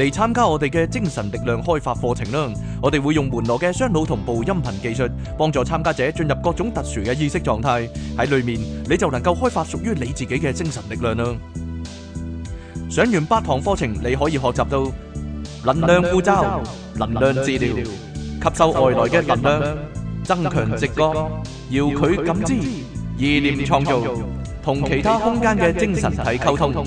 嚟參加我哋嘅精神力量開發課程啦！我哋會用門羅嘅雙腦同步音頻技術，幫助參加者進入各種特殊嘅意識狀態。喺裡面你就能夠開發屬於你自己嘅精神力量啦！上完八堂課程，你可以學習到能量呼召、能量治療、吸收外來嘅能量、增強直覺、遙距感知、意念創造、同其他空間嘅精神體溝通。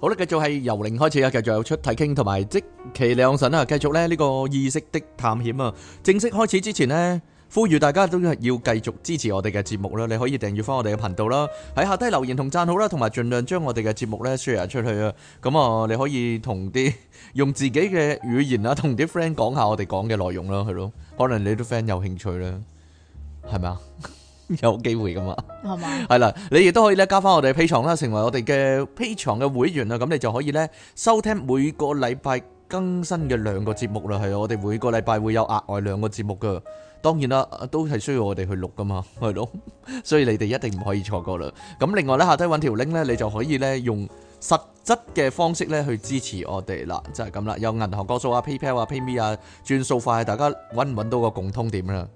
好啦，繼續係由零開始啊，繼續有出體傾同埋即其兩神啦，繼續咧呢個意識的探險啊，正式開始之前呢，呼籲大家都要繼續支持我哋嘅節目啦，你可以訂閱翻我哋嘅頻道啦，喺下低留言同讚好啦，同埋盡量將我哋嘅節目咧 share 出去啊，咁啊你可以同啲用自己嘅語言啊同啲 friend 講下我哋講嘅內容啦，係咯，可能你啲 friend 有興趣啦，係咪啊？有機會噶嘛？係嘛？係啦，你亦都可以咧加翻我哋嘅 Patreon 啦，成為我哋嘅 Patreon 嘅會員啊！咁你就可以咧收聽每個禮拜更新嘅兩個節目啦。係啊，我哋每個禮拜會有額外兩個節目噶。當然啦，都係需要我哋去錄噶嘛，係咯。所以你哋一定唔可以錯過啦。咁另外咧，下低揾條 link 咧，你就可以咧用實質嘅方式咧去支持我哋啦。就係咁啦，有銀行個數啊、PayPal 啊、PayMe 啊，轉數快，大家揾唔揾到個共通點啦？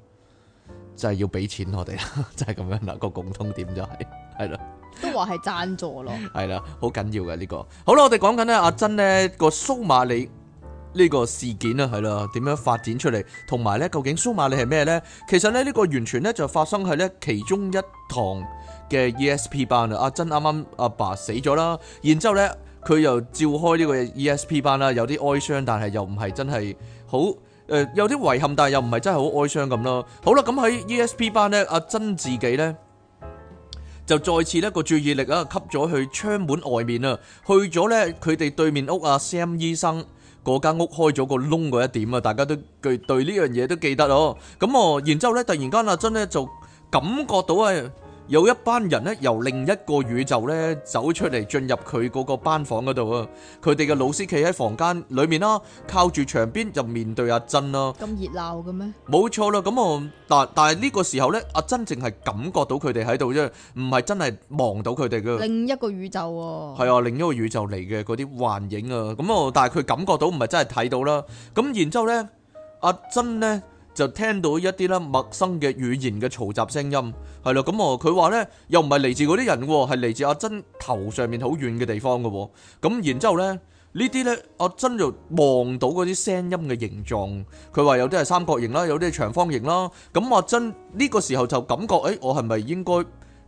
就係要俾錢我哋啦， 就係咁樣啦，個共通點就係、是，係 啦了，都話係贊助咯，係啦， 好緊要嘅呢、這個。好啦，我哋講緊咧阿珍咧個蘇馬利呢個事件啦，係啦，點樣發展出嚟，同埋咧究竟蘇馬利係咩咧？其實咧呢、這個完全咧就發生喺咧其中一堂嘅 E S P 班啊。阿珍啱啱阿爸死咗啦，然之後咧佢又召開呢個 E S P 班啦，有啲哀傷，但係又唔係真係好。誒，有啲遺憾，但係又唔係真係好哀傷咁咯。好啦，咁喺 ESP 班咧，阿珍自己咧就再次咧個注意力啊，吸咗去窗門外面啊，去咗咧佢哋對面屋啊，Sam 醫生嗰間屋開咗個窿嗰一點啊，大家都對呢樣嘢都記得哦。咁哦，然之後咧，突然間阿珍咧就感覺到啊。有一班人咧由另一個宇宙咧走出嚟，進入佢嗰個班房嗰度啊！佢哋嘅老師企喺房間裏面啦，靠住牆邊就面對阿珍啦。咁熱鬧嘅咩？冇錯啦，咁啊，但但係呢個時候咧，阿珍淨係感覺到佢哋喺度啫，唔係真係望到佢哋嘅。另一個宇宙喎。係啊，另一個宇宙嚟嘅嗰啲幻影啊，咁啊，但係佢感覺到唔係真係睇到啦。咁然之後咧，阿珍咧。就聽到一啲咧陌生嘅語言嘅嘈雜聲音，係咯。咁我佢話咧又唔係嚟自嗰啲人，係嚟自阿珍頭上面好遠嘅地方嘅喎。咁、嗯、然之後咧，呢啲咧阿珍就望到嗰啲聲音嘅形狀，佢話有啲係三角形啦，有啲係長方形啦。咁、嗯、阿、嗯啊、珍呢個時候就感覺誒、哎，我係咪應該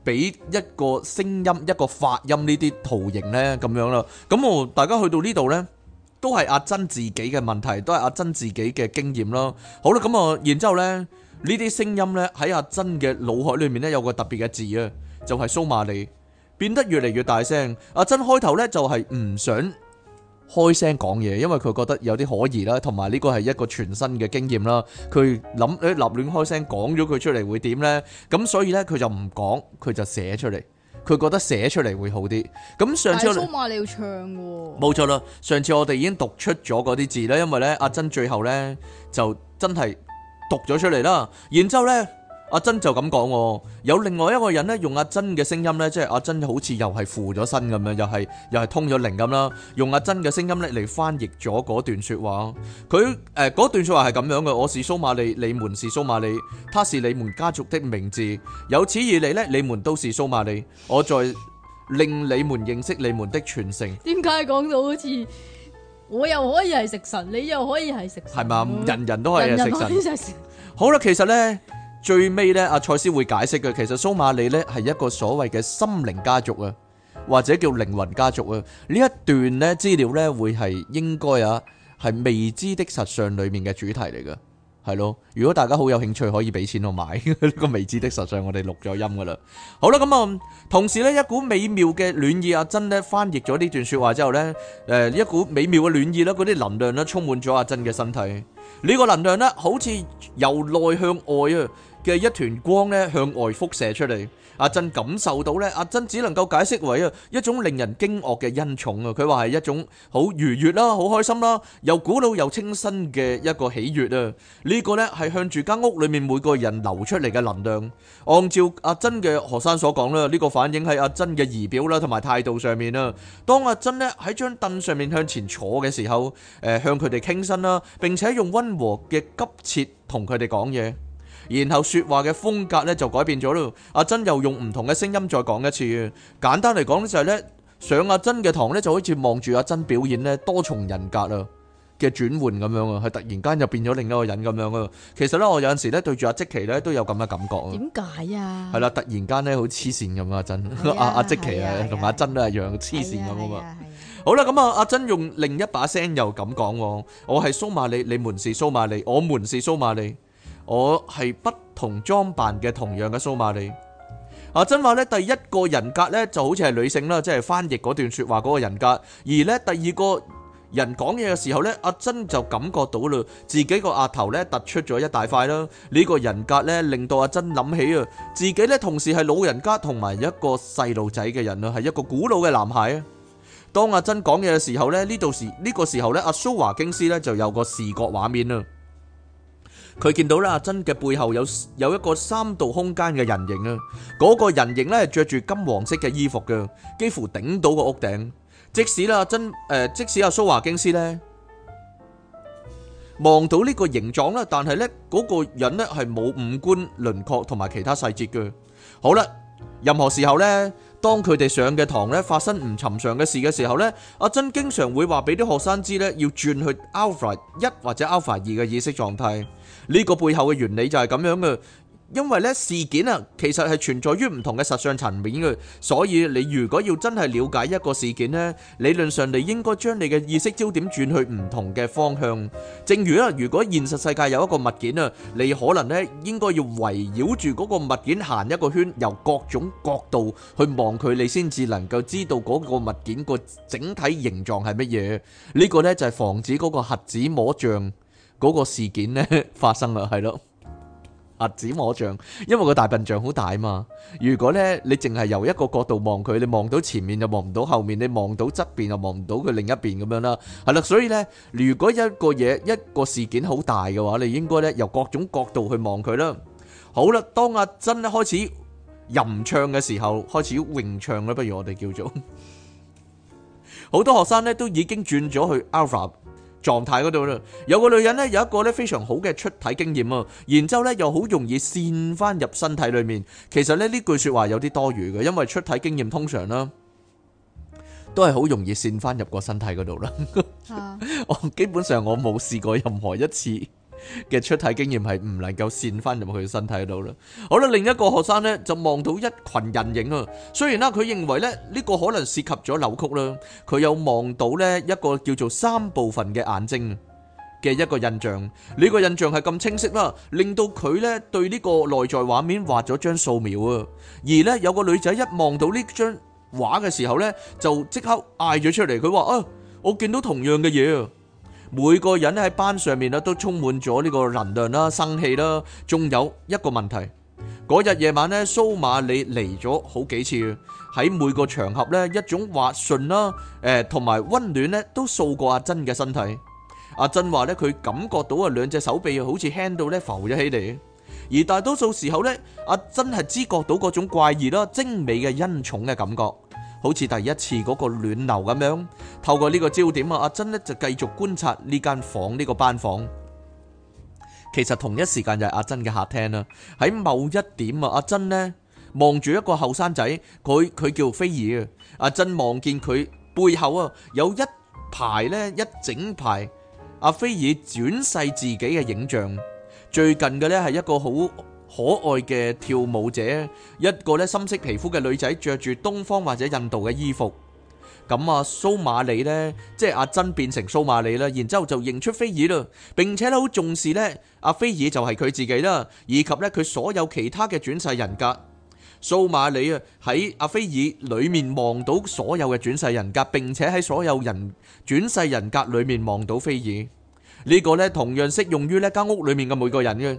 俾一個聲音、一個發音呢啲圖形咧咁樣啦？咁、嗯、我、嗯、大家去到呢度咧。都係阿珍自己嘅問題，都係阿珍自己嘅經驗咯。好啦，咁啊，然之後呢，呢啲聲音呢，喺阿珍嘅腦海裏面呢，有個特別嘅字啊，就係蘇馬利，變得越嚟越大聲。阿珍開頭呢就係唔想開聲講嘢，因為佢覺得有啲可疑啦，同埋呢個係一個全新嘅經驗啦。佢諗誒立亂開聲講咗佢出嚟會點呢？咁所以呢，佢就唔講，佢就寫出嚟。佢覺得寫出嚟會好啲，咁上次大叔話你要唱喎、哦，冇錯啦。上次我哋已經讀出咗嗰啲字啦，因為咧阿珍最後咧就真係讀咗出嚟啦，然之後咧。阿珍就咁講喎，有另外一個人咧用阿珍嘅聲音咧，即係阿珍好似又係附咗身咁樣，又係又係通咗靈咁啦，用阿珍嘅聲音咧嚟翻譯咗嗰段說話。佢誒嗰段說話係咁樣嘅，我是蘇馬利，你們是蘇馬利，他是你們家族的名字，由此以嚟咧，你們都是蘇馬利，我再令你們認識你們的傳承。點解講到好似我又可以係食神，你又可以係食神？係嘛，人人都可以係食神。好啦，其實咧。最尾呢，阿賽斯會解釋嘅。其實蘇馬利呢係一個所謂嘅心靈家族啊，或者叫靈魂家族啊。呢一段呢資料呢會係應該啊係未知的實相裏面嘅主題嚟嘅，係咯。如果大家好有興趣，可以俾錢我買呢個未知的實相，我哋錄咗音噶啦。好啦，咁啊，同時呢一股美妙嘅暖意，阿珍呢翻譯咗呢段說話之後呢，誒一股美妙嘅暖意啦，嗰啲能量呢充滿咗阿珍嘅身體。呢個能量呢好似由內向外啊！嘅一團光咧，向外輻射出嚟。阿珍感受到咧，阿珍只能夠解釋為啊一種令人驚愕嘅恩寵啊。佢話係一種好愉悅啦，好開心啦，又古老又清新嘅一個喜悅啊。呢個咧係向住間屋裏面每個人流出嚟嘅能量。按照阿珍嘅何生所講啦，呢個反應喺阿珍嘅儀表啦同埋態度上面啊。當阿珍咧喺張凳上面向前坐嘅時候，誒向佢哋傾身啦，並且用溫和嘅急切同佢哋講嘢。然後說話嘅風格咧就改變咗咯，阿珍又用唔同嘅聲音再講一次。簡單嚟講咧就係咧上阿珍嘅堂咧就好似望住阿珍表演咧多重人格啊嘅轉換咁樣啊，係突然間又變咗另一個人咁樣啊。其實咧我有陣時咧對住阿積奇咧都有咁嘅感覺。點解啊？係啦，突然間咧好黐線咁啊！阿珍阿阿積奇啊同埋阿珍都係樣黐線咁啊。好啦，咁啊阿珍用另一把聲又咁講，我係蘇馬利，你們是蘇馬利，我們是蘇馬利。我係不同裝扮嘅同樣嘅蘇瑪利。阿珍話呢第一個人格呢就好似係女性啦，即係翻譯嗰段說話嗰個人格。而呢第二個人講嘢嘅時候呢，阿珍就感覺到嘞，自己個額頭呢突出咗一大塊啦。呢個人格呢，令到阿珍諗起啊，自己呢同時係老人家同埋一個細路仔嘅人啊，係一個古老嘅男孩啊。當阿珍講嘢嘅時候呢，呢度時呢個時候呢，阿蘇華京斯呢就有個視覺畫面啦。佢見到啦，阿珍嘅背後有有一個三度空間嘅人形啊！嗰個人形咧係著住金黃色嘅衣服嘅，幾乎頂到個屋頂。即使啦，阿珍誒，即使阿蘇華京斯咧望到呢個形狀啦，但係咧嗰個人咧係冇五官輪廓同埋其他細節嘅。好啦，任何時候咧。當佢哋上嘅堂咧發生唔尋常嘅事嘅時候咧，阿珍經常會話俾啲學生知咧，要轉去 alpha 一或者 alpha 二嘅意識狀態。呢個背後嘅原理就係咁樣嘅。因為咧事件啊，其實係存在於唔同嘅實相層面嘅，所以你如果要真係了解一個事件咧，理論上你應該將你嘅意識焦點轉去唔同嘅方向。正如啊，如果現實世界有一個物件啊，你可能咧應該要圍繞住嗰個物件行一個圈，由各種角度去望佢，你先至能夠知道嗰個物件個整體形狀係乜嘢。呢個咧就係防止嗰個瞎子摸象嗰個事件咧發生啊，係咯。盲子摸象，因為個大笨象好大嘛。如果咧你淨係由一個角度望佢，你望到前面又望唔到後面，你望到側邊又望唔到佢另一邊咁樣啦。係啦，所以咧如果一個嘢一個事件好大嘅話，你應該咧由各種角度去望佢啦。好啦，當阿珍咧開始吟唱嘅時候，開始詠唱啦，不如我哋叫做好多學生咧都已經轉咗去 alpha。狀態嗰度啦，有個女人呢，有一個咧非常好嘅出體經驗啊，然之後咧又好容易滲翻入身體裏面。其實咧呢句說話有啲多餘嘅，因為出體經驗通常啦，都係好容易滲翻入個身體嗰度啦。我、啊、 基本上我冇試過任何一次嘅出體經驗係唔能夠閃翻入佢嘅身體度啦。好啦，另一個學生咧就望到一群人影啊。雖然啦，佢認為咧呢個可能涉及咗扭曲啦，佢有望到咧一個叫做三部分嘅眼睛嘅一個印象。呢個印象係咁清晰啦，令到佢咧對呢個內在畫面畫咗張素描啊。而咧有個女仔一望到呢張畫嘅時候咧，就即刻嗌咗出嚟，佢話啊，我見到同樣嘅嘢啊。每個人咧喺班上面咧都充滿咗呢個能量啦、生氣啦，仲有一個問題，嗰日夜晚咧蘇馬里嚟咗好幾次，喺每個場合咧一種滑順啦，誒同埋溫暖咧都掃過阿珍嘅身體。阿珍話咧佢感覺到啊兩隻手臂好似輕到咧浮咗起嚟，而大多數時候咧阿珍係知覺到嗰種怪異啦、精美嘅恩寵嘅感覺。好似第一次嗰個暖流咁樣，透過呢個焦點啊，阿珍呢就繼續觀察呢間房呢、呢個班房。其實同一時間就係阿珍嘅客廳啦。喺某一點啊，阿珍呢望住一個後生仔，佢佢叫菲爾啊。阿珍望見佢背後啊有一排呢，一整排阿菲爾轉世自己嘅影像。最近嘅呢係一個好。可愛嘅跳舞者，一個咧深色皮膚嘅女仔着住東方或者印度嘅衣服。咁啊，蘇馬里呢，即係阿珍變成蘇馬里啦，然之後就認出菲爾啦，並且好重視呢，阿菲爾就係佢自己啦，以及呢，佢所有其他嘅轉世人格。蘇馬里啊喺阿菲爾裏面望到所有嘅轉世人格，並且喺所有人轉世人格裏面望到菲爾。呢個呢，同樣適用於呢間屋裏面嘅每個人嘅。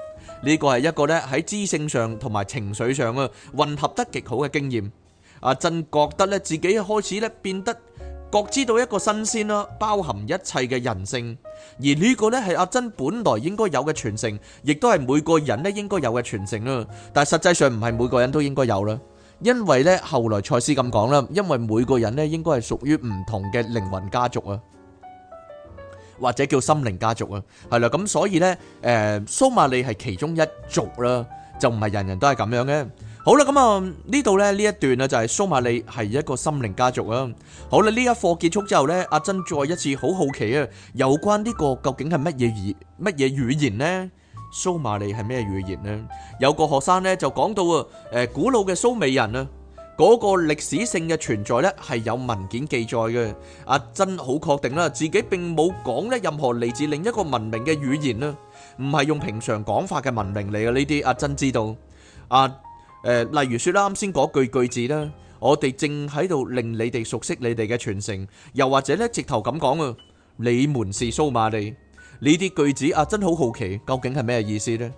呢個係一個咧喺知性上同埋情緒上啊混合得極好嘅經驗。阿、啊、珍覺得咧自己開始咧變得覺知到一個新鮮啦，包含一切嘅人性。而呢個咧係阿珍本來應該有嘅傳承，亦都係每個人咧應該有嘅傳承啦。但係實際上唔係每個人都應該有啦，因為咧後來賽斯咁講啦，因為每個人咧應該係屬於唔同嘅靈魂家族啊。或者叫心靈家族啊，係啦，咁所以呢，誒蘇馬利係其中一族啦，就唔係人人都係咁樣嘅。好啦，咁啊呢度呢呢一段啊，就係蘇馬利係一個心靈家族啊。好啦，呢一課結束之後呢，阿珍再一次好好奇啊，有關呢個究竟係乜嘢語乜嘢語言呢？蘇馬利係咩語言呢？有個學生呢就講到啊，誒古老嘅蘇美人啊。嗰個歷史性嘅存在咧，係有文件記載嘅。阿珍好確定啦，自己並冇講咧任何嚟自另一個文明嘅語言啦，唔係用平常講法嘅文明嚟嘅呢啲。阿珍知道，阿誒，例如說啦，啱先嗰句句子啦，我哋正喺度令你哋熟悉你哋嘅傳承，又或者咧直頭咁講啊，你們是蘇馬利呢啲句子。阿珍好好奇，究竟係咩意思咧？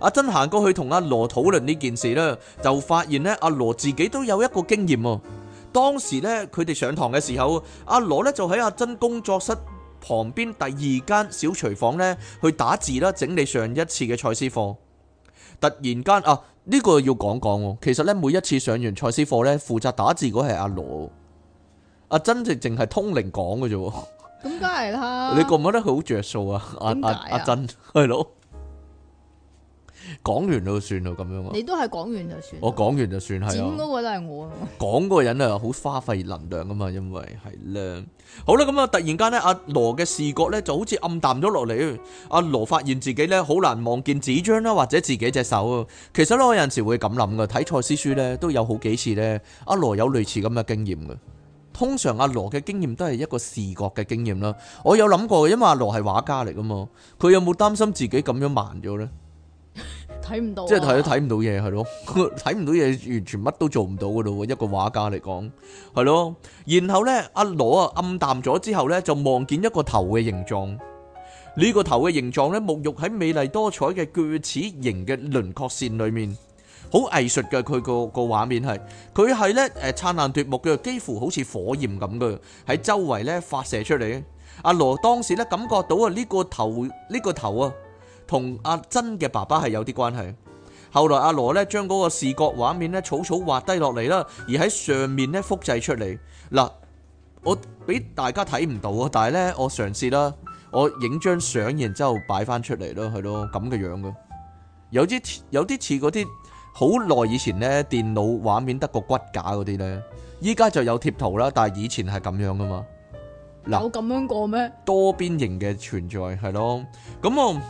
阿珍行過去同阿羅討論呢件事呢，就發現呢，阿羅自己都有一個經驗喎。當時呢，佢哋上堂嘅時候，阿羅呢就喺阿珍工作室旁邊第二間小廚房呢去打字啦，整理上一次嘅賽斯課。突然間啊，呢、這個要講講，其實呢，每一次上完賽斯課呢，負責打字嗰係阿羅，阿珍直情係通靈講嘅啫。咁梗係啦。你覺唔覺得佢好着數啊？阿珍。係講完就算咯，咁樣啊！你都係講完就算。我講完就算係。剪嗰個都係我。講嗰個人啊，好花費能量噶嘛，因為係靚。好啦，咁啊，突然間呢，阿羅嘅視覺呢就好似暗淡咗落嚟。阿、啊、羅發現自己呢好難望見紙張啦，或者自己隻手。啊。其實呢我有陣時會咁諗噶，睇賽斯書呢都有好幾次呢，阿、啊、羅有類似咁嘅經驗噶。通常阿羅嘅經驗都係一個視覺嘅經驗啦。我有諗過，因為阿羅係畫家嚟噶嘛，佢有冇擔心自己咁樣盲咗呢？睇唔到，即係睇都睇唔到嘢，係咯，睇唔到嘢，完全乜都做唔到噶咯。一個畫家嚟講，係咯。然後咧，阿羅啊，暗淡咗之後咧，就望見一個頭嘅形狀。呢個頭嘅形狀咧，沐浴喺美麗多彩嘅鋸齒形嘅輪廓線裏面，好藝術噶。佢個個畫面係，佢係咧誒，燦爛奪目嘅，幾乎好似火焰咁嘅，喺周圍咧發射出嚟。阿羅當時咧感覺到啊，呢個頭呢個頭啊。同阿珍嘅爸爸係有啲關係。後來阿羅咧將嗰個視覺畫面咧草草畫低落嚟啦，而喺上面咧複製出嚟。嗱，我俾大家睇唔到啊，但係呢，我嘗試啦，我影張相然之後擺翻出嚟咯，係咯咁嘅樣嘅。有啲有啲似嗰啲好耐以前呢電腦畫面得個骨架嗰啲呢。依家就有貼圖啦。但係以前係咁樣噶嘛。有咁樣過咩？多邊形嘅存在係咯，咁我。嗯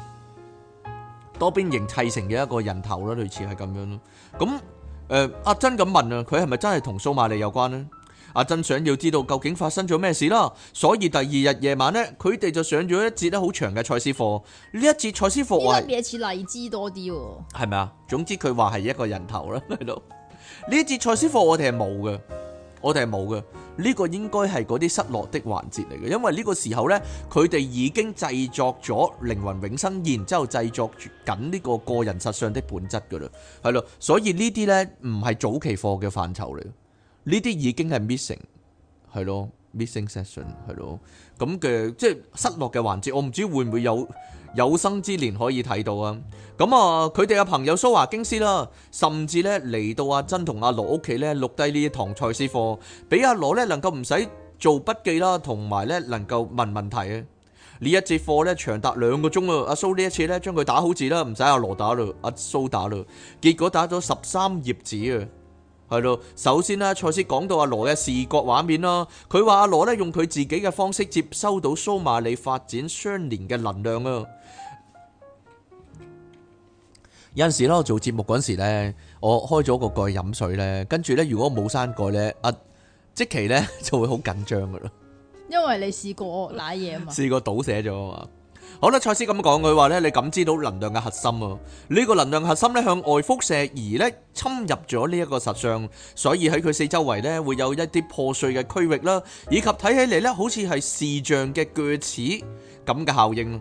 多邊形砌成嘅一個人頭咯，類似係咁樣咯。咁誒、呃，阿珍咁問啊，佢係咪真係同蘇馬利有關咧？阿珍想要知道究竟發生咗咩事啦。所以第二日夜晚咧，佢哋就上咗一節咧好長嘅賽斯課。呢一節賽斯課應該比較似荔枝多啲，係咪啊？總之佢話係一個人頭啦，喺 度。呢一節賽斯課我哋係冇嘅。我哋係冇嘅，呢個應該係嗰啲失落的環節嚟嘅，因為呢個時候呢，佢哋已經製作咗靈魂永生，然之後製作緊呢個個人實相的本質噶啦，係咯，所以呢啲呢，唔係早期課嘅範疇嚟，呢啲已經係 missing，係咯，missing session，係咯，咁嘅即係失落嘅環節，我唔知會唔會有。有生之年可以睇到啊！咁啊，佢哋嘅朋友蘇華京斯啦，甚至咧嚟到阿珍同阿羅屋企咧錄低呢一堂賽斯課，俾阿羅咧能夠唔使做筆記啦，同埋咧能夠問問題啊！呢一節課咧長達兩個鐘啊！阿蘇呢一次咧將佢打好字啦，唔使阿羅打咯，阿蘇打咯，結果打咗十三頁紙啊！係咯，首先咧賽斯講到阿羅嘅視覺畫面啦，佢話阿羅咧用佢自己嘅方式接收到蘇馬里發展相連嘅能量啊！有陣時咧，我做節目嗰陣時咧，我開咗個蓋飲水咧，跟住咧，如果冇閂蓋咧，阿即期咧就會好緊張噶咯。因為你試過攋嘢啊嘛， 試過倒瀉咗啊嘛。好啦，賽斯咁講佢話咧，你感知到能量嘅核心啊，呢、呢個能量核心咧向外輻射而咧侵入咗呢一個實相，所以喺佢四周圍咧會有一啲破碎嘅區域啦，以及睇起嚟咧好似係視像嘅鋸齒咁嘅效應。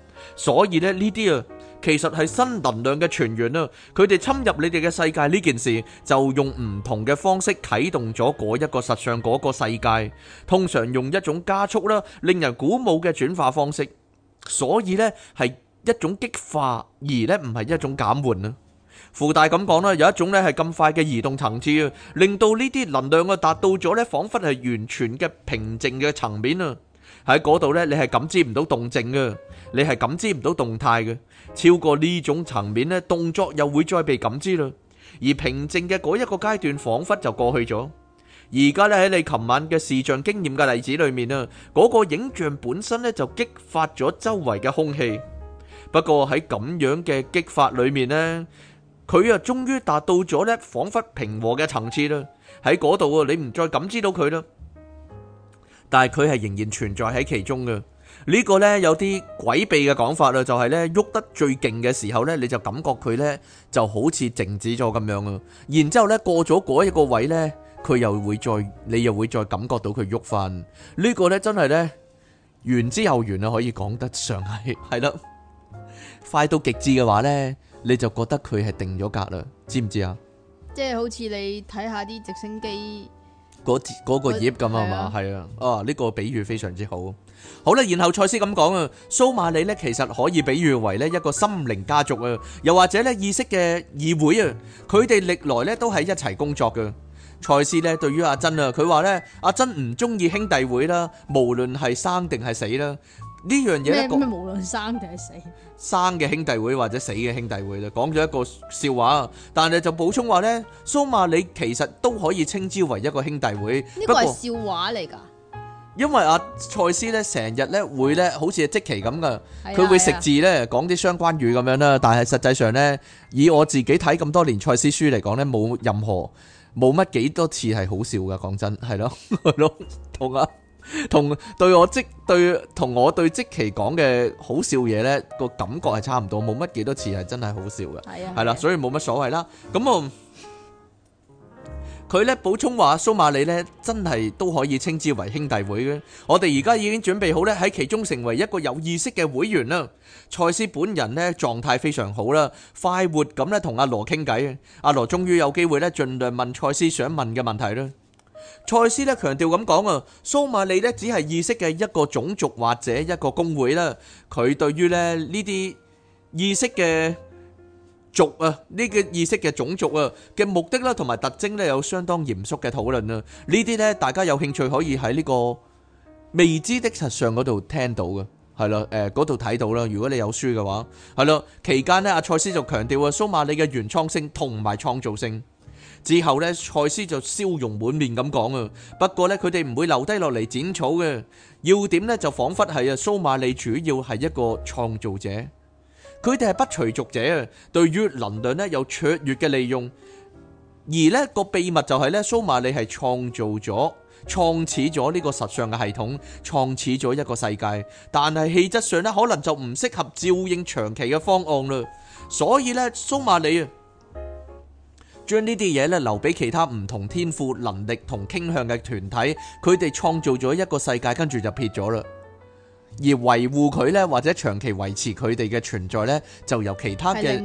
所以咧呢啲啊，其實係新能量嘅傳源啦，佢哋侵入你哋嘅世界呢件事，就用唔同嘅方式啟動咗嗰一個實相嗰個世界，通常用一種加速啦，令人鼓舞嘅轉化方式。所以咧係一種激化，而咧唔係一種減緩啊。附帶咁講啦，有一種咧係咁快嘅移動層次啊，令到呢啲能量啊達到咗咧，仿佛係完全嘅平靜嘅層面啊。喺嗰度咧，你係感知唔到動靜嘅，你係感知唔到動態嘅。超過呢種層面咧，動作又會再被感知啦。而平靜嘅嗰一個階段，仿佛就過去咗。而家咧，喺你琴晚嘅視像經驗嘅例子裏面啊，嗰個影像本身咧就激發咗周圍嘅空氣。不過喺咁樣嘅激發裏面咧，佢啊終於達到咗咧，仿佛平和嘅層次啦。喺嗰度啊，你唔再感知到佢啦。.但係佢係仍然存在喺其中嘅，呢個呢，有啲詭秘嘅講法啦，就係呢：喐得最勁嘅時候呢，你就感覺佢呢就好似靜止咗咁樣啊，然之後咧過咗嗰一個位呢，佢又會再，你又會再感覺到佢喐翻。呢個呢，真係呢，完之又完啊，可以講得上係係啦， 快到極致嘅話呢，你就覺得佢係定咗格啦，知唔知啊？即係好似你睇下啲直升機。嗰嗰個葉咁啊嘛，係我吧啊，啊、這、呢個比喻非常之好。好啦，然後賽斯咁講啊，蘇馬里呢，其實可以比喻為呢一個心靈家族啊，又或者呢意識嘅議會啊，佢哋歷來呢都係一齊工作嘅。賽斯呢對於阿珍啊，佢話呢，阿珍唔中意兄弟會啦，無論係生定係死啦。呢樣嘢咩咩，無論生定係死，生嘅兄弟會或者死嘅兄弟會啦，講咗一個笑話啊，但係就補充話咧，蘇馬利其實都可以稱之為一個兄弟會。呢個係笑話嚟㗎。因為阿賽斯咧成日咧會咧好似即期咁㗎，佢會食字咧，講啲相關語咁樣啦。但係實際上咧，以我自己睇咁多年賽斯書嚟講咧，冇任何冇乜幾多次係好笑㗎。講真係咯，係咯，同啊。同對我即對同我對即其講嘅好笑嘢呢，個感覺係差唔多，冇乜幾多次係真係好笑嘅。係啊，係啦，所以冇乜所謂啦。咁我佢呢補充話，蘇瑪里呢真係都可以稱之為兄弟會嘅。我哋而家已經準備好呢，喺其中成為一個有意識嘅會員啦。賽斯本人呢狀態非常好啦，快活咁呢同阿羅傾偈。阿羅終於有機會呢，盡量問賽斯想問嘅問題啦。賽斯咧強調咁講啊，蘇馬利咧只係意識嘅一個種族或者一個工會啦。佢對於咧呢啲意識嘅族啊，呢個意識嘅種族啊嘅目的啦，同埋特徵咧有相當嚴肅嘅討論啊。呢啲咧大家有興趣可以喺呢個未知的實相嗰度聽到嘅，係啦，誒嗰度睇到啦。如果你有書嘅話，係啦。期間咧，阿賽斯就強調啊，蘇馬利嘅原創性同埋創造性。之後咧，賽斯就笑容滿面咁講啊。不過呢，佢哋唔會留低落嚟剪草嘅。要點呢？就仿佛係啊蘇馬里主要係一個創造者，佢哋係不隨俗者，對於能量呢，有卓越嘅利用。而呢個秘密就係呢，蘇馬里係創造咗、創始咗呢個實相嘅系統，創始咗一個世界。但係氣質上呢，可能就唔適合照應長期嘅方案嘞。所以呢，蘇馬里啊。將呢啲嘢咧留俾其他唔同天賦、能力同傾向嘅團體，佢哋創造咗一個世界，跟住就撇咗啦。而維護佢呢，或者長期維持佢哋嘅存在呢，就由其他嘅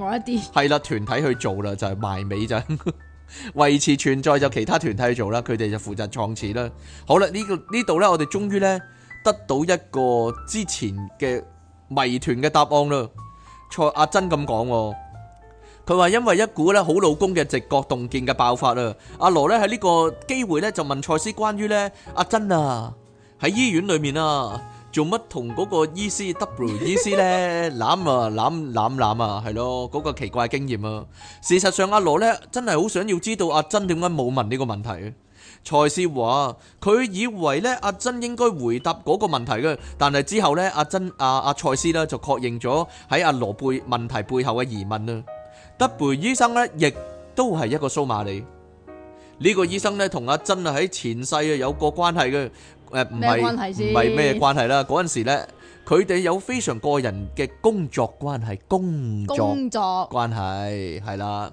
係啦團體去做啦，就係、是、埋尾就維持存在就其他團體去做啦，佢哋就負責創始啦。好啦，呢、這個呢度咧，我哋終於呢，得到一個之前嘅謎團嘅答案啦。蔡阿珍咁講。佢話：因為一股咧好老公嘅直覺洞見嘅爆發啦，阿羅咧喺呢個機會咧就問賽斯關於咧阿珍啊喺醫院裏面啊做乜同嗰個 E C W 醫師咧攬啊攬攬攬啊係咯嗰個奇怪經驗啊。事實上，阿羅咧真係好想要知道阿珍點解冇問呢個問題。賽斯話佢以為咧阿珍應該回答嗰個問題嘅，但係之後咧阿珍阿阿賽斯咧就確認咗喺阿羅背問題背後嘅疑問啊。德培醫生咧，亦都係一個蘇馬利呢，這個醫生咧，同阿珍啊喺前世啊有個關係嘅，誒唔係唔係咩關係啦？嗰陣時咧，佢哋有非常個人嘅工作關係，工作工作關係係啦。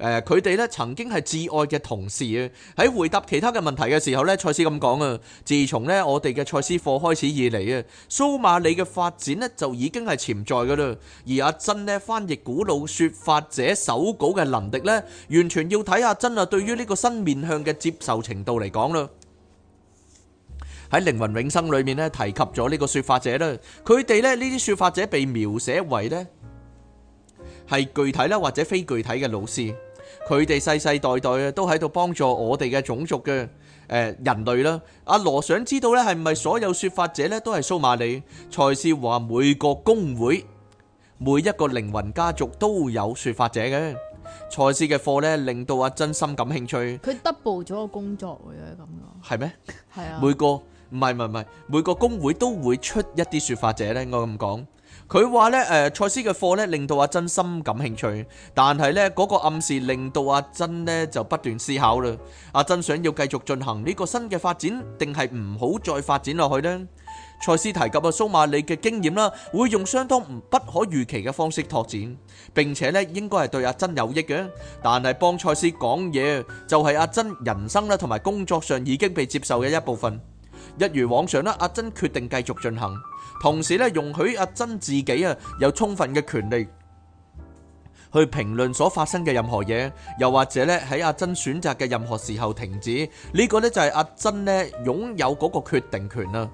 誒佢哋咧曾經係至愛嘅同事啊！喺回答其他嘅問題嘅時候咧，賽斯咁講啊：自從咧我哋嘅賽斯課開始以嚟啊，蘇馬里嘅發展咧就已經係潛在噶啦。而阿珍呢，翻譯古老說法者手稿嘅能力咧，完全要睇阿珍啊對於呢個新面向嘅接受程度嚟講啦。喺靈魂永生裏面咧提及咗呢個說法者咧，佢哋咧呢啲說法者被描寫為咧係具體咧或者非具體嘅老師。佢哋世世代代啊，都喺度幫助我哋嘅種族嘅誒人類啦。阿羅想知道咧，係唔係所有說法者咧都係蘇馬里？賽斯話每個工會、每一個靈魂家族都有說法者嘅。賽斯嘅課咧令到阿珍心感興趣。佢 double 咗個工作嘅，係咁噶。係咩？係啊。每個唔係唔係唔係，每個工會都會出一啲說法者咧，我咁講。佢話咧，誒賽斯嘅課咧，令到阿珍深感興趣。但係呢嗰個暗示令到阿珍呢就不斷思考啦。阿珍想要繼續進行呢個新嘅發展，定係唔好再發展落去呢？賽斯提及阿蘇馬利嘅經驗啦，會用相當唔不可預期嘅方式拓展。並且呢應該係對阿珍有益嘅。但係幫賽斯講嘢，就係、是、阿珍人生啦同埋工作上已經被接受嘅一部分。一如往常啦，阿珍決定繼續進行。同時咧，容許阿珍自己啊有充分嘅權利去評論所發生嘅任何嘢，又或者咧喺阿珍選擇嘅任何時候停止，呢個咧就係阿珍咧擁有嗰個決定權啦。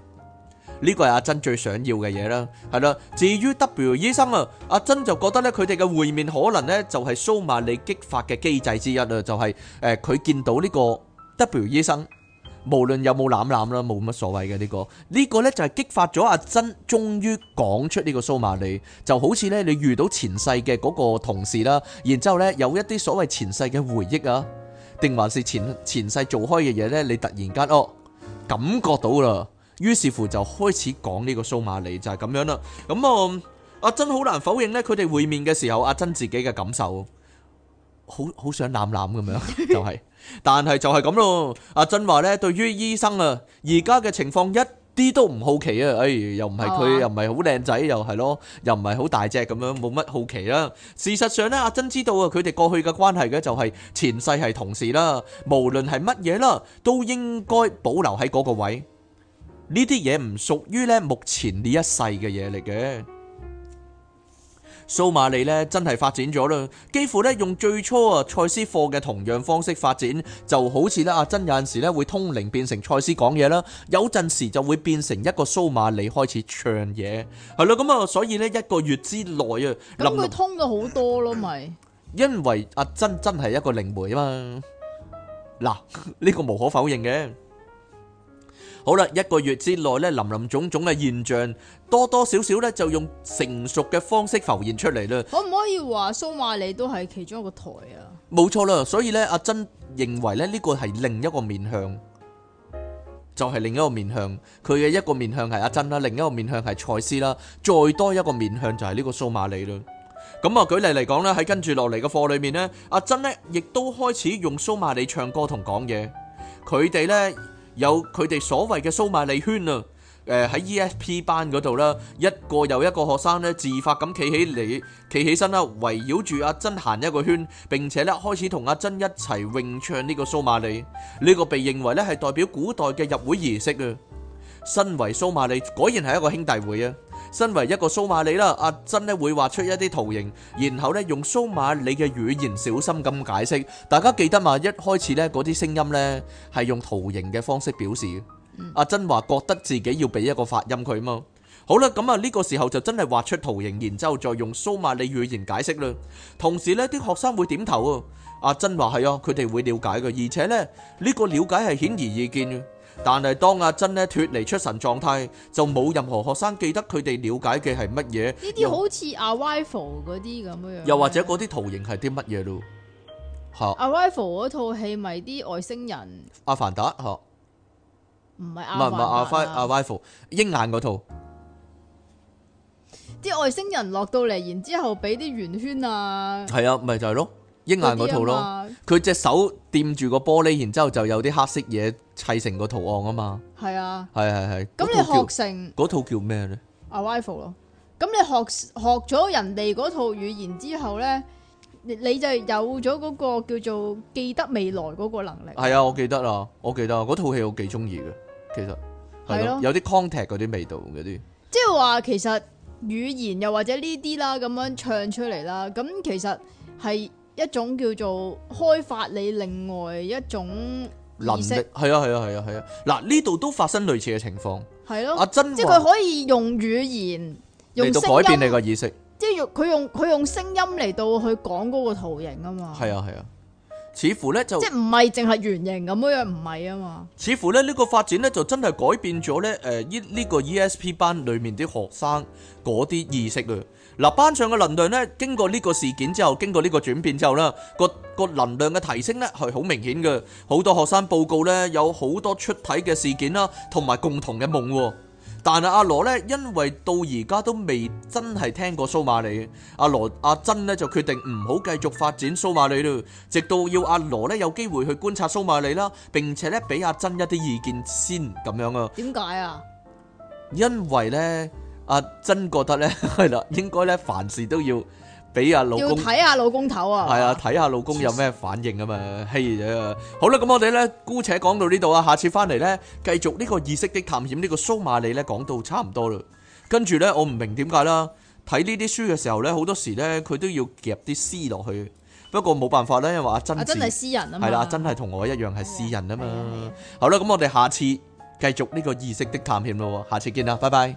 呢個係阿珍最想要嘅嘢啦，係啦。至於 W 醫生啊，阿珍就覺得咧佢哋嘅會面可能咧就係蘇馬利激發嘅機制之一啊，就係誒佢見到呢個 W 醫生。無論有冇攬攬啦，冇乜所謂嘅呢個，呢個呢，就係激發咗阿珍，終於講出呢個蘇馬利，就好似呢，你遇到前世嘅嗰個同事啦，然之後呢，有一啲所謂前世嘅回憶啊，定還是前前世做開嘅嘢呢？你突然間哦感覺到啦，於是乎就開始講呢個蘇馬利就係咁樣啦。咁啊，阿珍好難否認呢，佢哋會面嘅時候，阿珍自己嘅感受。好好想攬攬咁樣，就係，但係就係咁咯。阿珍話呢，對於醫生啊，而家嘅情況一啲都唔好奇啊。哎，又唔係佢，又唔係好靚仔，又係咯，又唔係好大隻咁樣，冇乜好奇啦。事實上呢，阿珍知道啊，佢哋過去嘅關係嘅就係前世係同事啦，無論係乜嘢啦，都應該保留喺嗰個位。呢啲嘢唔屬於呢目前呢一世嘅嘢嚟嘅。蘇馬里咧，真係發展咗啦，幾乎咧，用最初啊賽斯課嘅同樣方式發展，就好似咧，阿珍有陣時咧，會通靈變成賽斯講嘢啦，有陣時就會變成一個蘇馬利開始唱嘢，係咯咁啊，所以呢一個月之內啊，咁佢通咗好多咯咪，龍 因為阿珍真係一個靈媒啊嘛，嗱呢、 這個無可否認嘅。好啦，一個月之內咧，林林種種嘅現象多多少少咧，就用成熟嘅方式浮現出嚟啦。可唔可以話蘇瑪里都係其中一個台啊？冇錯啦，所以咧，阿珍認為咧，呢個係另一個面向，就係另一個面向。佢嘅一個面向係阿珍啦，另一個面向係賽斯啦，再多一個面向就係呢個蘇瑪里啦。咁啊，舉例嚟講啦，喺跟住落嚟嘅課裏面咧，阿珍咧亦都開始用蘇瑪里唱歌同講嘢，佢哋咧。有佢哋所謂嘅蘇馬利圈啊！誒喺 ESP 班嗰度啦，一個又一個學生咧，自發咁企起嚟，企起身啦，圍繞住阿珍行一個圈，並且咧開始同阿珍一齊詠唱呢個蘇馬利。呢個被認為咧係代表古代嘅入會儀式啊！身為蘇馬利，果然係一個兄弟會啊！身為一個蘇馬里啦，阿珍咧會畫出一啲圖形，然後咧用蘇馬里嘅語言小心咁解釋。大家記得嘛？一開始咧嗰啲聲音咧係用圖形嘅方式表示。阿珍話覺得自己要俾一個發音佢嘛？好啦，咁啊呢個時候就真係畫出圖形，然之後再用蘇馬里語言解釋啦。同時咧，啲學生會點頭啊。阿珍話係啊，佢哋會了解嘅，而且咧呢個了解係顯而易見嘅。但係當阿珍咧脫離出神狀態，就冇任何學生記得佢哋了解嘅係乜嘢。呢啲好似 Arrival 嗰啲咁樣，又或者嗰啲圖形係啲乜嘢咯？吓，Arrival 嗰套戲咪啲外星人？啊凡啊、阿凡達吓、啊，唔係阿凡 Arrival 鷹眼嗰套，啲外星人落到嚟，然之後俾啲圓圈啊，係啊，咪就係、是、咯。英眼嗰套咯，佢隻手掂住個玻璃，然之後就有啲黑色嘢砌成個圖案啊嘛。係啊，係係係。咁你學成嗰套叫咩咧？Arrival 咯。咁你學學咗人哋嗰套語言之後咧，你就有咗嗰個叫做記得未來嗰個能力。係啊，我記得啦，我記得嗰套戲我幾中意嘅，其實係咯，啊啊、有啲 contact 嗰啲味道嗰啲。即係話其實語言又或者呢啲啦，咁樣唱出嚟啦，咁其實係。一種叫做開發你另外一種能力，係啊係啊係啊係啊，嗱呢度都發生類似嘅情況，係咯、啊，阿珍即係佢可以用語言嚟到改變你個意識，即係用佢用佢用聲音嚟到去講嗰個圖形啊嘛，係啊係啊，似乎咧就即係唔係淨係圓形咁樣，唔係啊嘛，似乎咧呢、呢個發展咧就真係改變咗咧誒呢呢個 E S P 班裏面啲學生嗰啲意識啊。嗱，班上嘅能量咧，經過呢個事件之後，經過呢個轉變之後咧，個個能量嘅提升咧，係好明顯嘅。好多學生報告呢，有好多出體嘅事件啦，同埋共同嘅夢。但係阿羅呢，因為到而家都未真係聽過蘇馬里，阿羅阿珍呢，就決定唔好繼續發展蘇馬里咯。直到要阿羅呢有機會去觀察蘇馬里啦，並且呢俾阿珍一啲意見先咁樣啊。點解啊？因為呢。阿珍、啊、覺得咧，係啦，應該咧，凡事都要俾阿老公睇下老公頭啊，係啊，睇下老公有咩反應啊嘛。嘿、 啊，好啦，咁我哋咧姑且講到呢度啊，下次翻嚟咧繼續呢、呢個意識的探險，呢、呢個蘇馬利咧講到差唔多啦。跟住咧，我唔明點解啦，睇呢啲書嘅時候咧，好多時咧佢都要夾啲詩落去。不過冇辦法啦，因為阿珍真係詩人啊，係啦、啊，真係同我一樣係詩人啊嘛。 好啦，咁我哋下次繼續呢、呢個意識的探險咯。下次見啦，拜拜。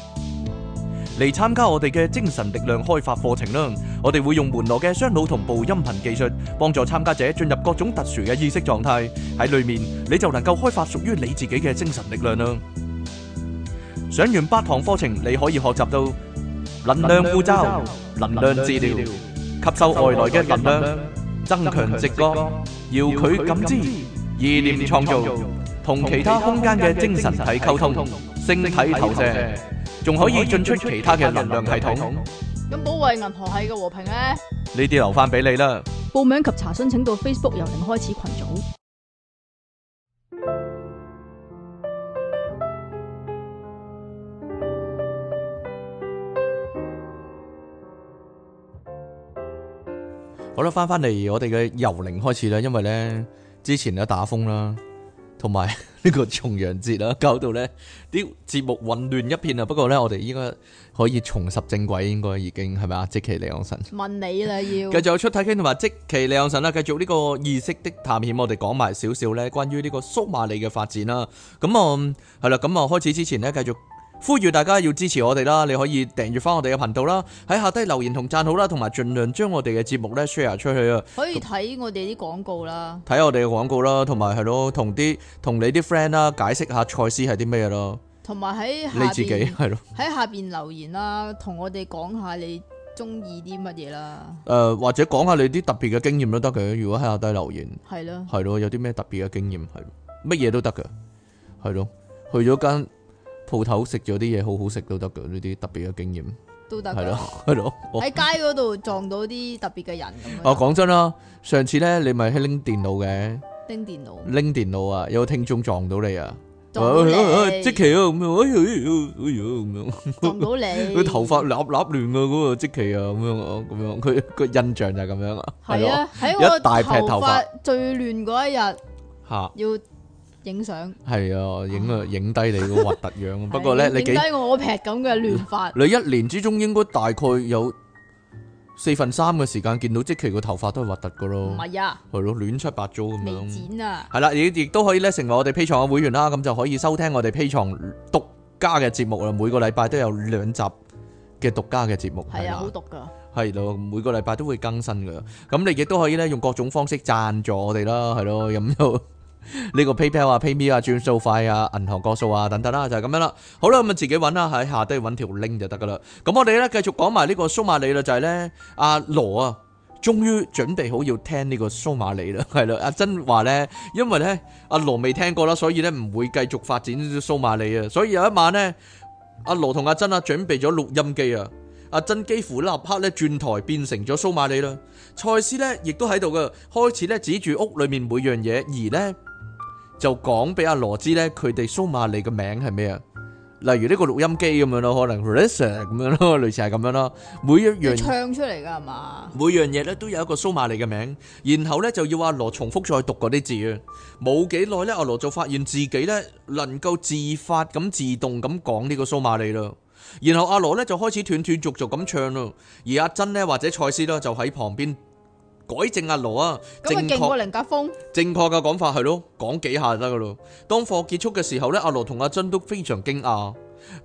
嚟參加我哋嘅精神力量開發課程啦！我哋會用門羅嘅雙腦同步音頻技術，幫助參加者進入各種特殊嘅意識狀態。喺裏面你就能夠開發屬於你自己嘅精神力量啦！上完八堂課程，你可以學習到能量護罩、能量治療、吸收外來嘅能量、增強直覺、遙距感知、意念創造、同其他空間嘅精神體溝通、星體投射。仲可以進出其他嘅能量系統。咁保衛銀河系嘅和平咧？呢啲留翻俾你啦。報名及查詢請到 Facebook 由零開始群組。嗯、好啦，翻翻嚟我哋嘅由零開始啦，因為咧之前咧打風啦，同埋。呢個重陽節啦，搞到咧啲節目混亂一片啊！不過咧，我哋依家可以重拾正軌，應該已經係咪啊？即其李昂神問你啦，要繼續出體傾同埋即其李昂神啦，繼續呢、這個意識的探險，我哋講埋少少咧，關於呢個蘇馬利嘅發展啦。咁、嗯、啊，係啦，咁、嗯、啊開始之前呢，繼續。呼籲大家要支持我哋啦！你可以訂閱翻我哋嘅頻道啦，喺下低留言同讚好啦，同埋盡量將我哋嘅節目咧 share 出去啊！可以睇我哋啲廣告啦，睇我哋嘅廣告啦，同埋係咯，同啲同你啲 friend 啦解釋下賽斯係啲咩咯，同埋喺你自己係咯，喺下邊留言啦，同我哋講下你中意啲乜嘢啦，誒、呃、或者講下你啲特別嘅經驗都得嘅，如果喺下低留言係咯，係咯，有啲咩特別嘅經驗係乜嘢都得嘅，係咯，去咗間。鋪頭食咗啲嘢好好食都得噶，呢啲特別嘅經驗都得。係咯，係咯吧。喺 街嗰度撞到啲特別嘅人。啊，講真啦，上次咧你咪喺拎電腦嘅，拎電腦，拎電腦啊！有個聽眾撞到你啊，即奇、哎、啊！咁樣撞到你，佢 頭髮攬攬亂嘅嗰個即奇啊！咁樣咁樣佢個印象就係咁樣啊。係啊，喺我頭髮最亂嗰一日，嚇要。影相係啊，影啊，影低你個核突樣。 不過咧，你點解我劈咁嘅亂髮你？你一年之中應該大概有四分三嘅時間見到即其個頭髮都係核突噶咯。唔係啊，係咯，亂七八糟咁樣。剪啊？係啦，你亦都可以咧成為我哋 P 床嘅會員啦，咁就可以收聽我哋 P 床獨家嘅節目啦。每個禮拜都有兩集嘅獨家嘅節目，係啊，好獨噶。係咯，每個禮拜都會更新噶。咁你亦都可以咧用各種方式贊助我哋啦，係咯，咁又。呢個 PayPal 啊、PayMe 啊、轉數快啊、銀行個數啊等等啦，就係咁樣啦。好啦，咁咪自己揾啦，喺下低揾條 link 就得噶啦。咁我哋咧繼續講埋呢個蘇馬里啦，就係咧阿羅啊，終於準備好要聽呢個蘇馬里啦，係啦。阿珍話咧，因為咧阿羅未聽過啦，所以咧唔會繼續發展蘇馬里啊。所以有一晚咧，阿羅同阿珍啊準備咗錄音機啊，阿珍幾乎立刻咧轉台變成咗蘇馬里啦。賽斯咧亦都喺度噶，開始咧指住屋裏面每樣嘢，而咧。就講俾阿羅知咧，佢哋蘇馬利嘅名係咩啊？例如呢個錄音機咁樣咯，可能 recorder 咁樣咯，類似係咁樣咯。每一樣唱出嚟噶，係嘛？每樣嘢咧都有一個蘇馬利嘅名，然後咧就要阿羅重複再讀嗰啲字啊。冇幾耐咧，阿羅就發現自己咧能夠自發咁自動咁講呢個蘇馬利咯。然後阿羅咧就開始斷斷續續咁唱咯，而阿珍咧或者蔡思咧就喺旁邊改正阿羅啊，正確確、啊、正確嘅講法係咯，講幾下就得噶咯。當課結束嘅時候咧，阿羅同阿珍都非常驚訝。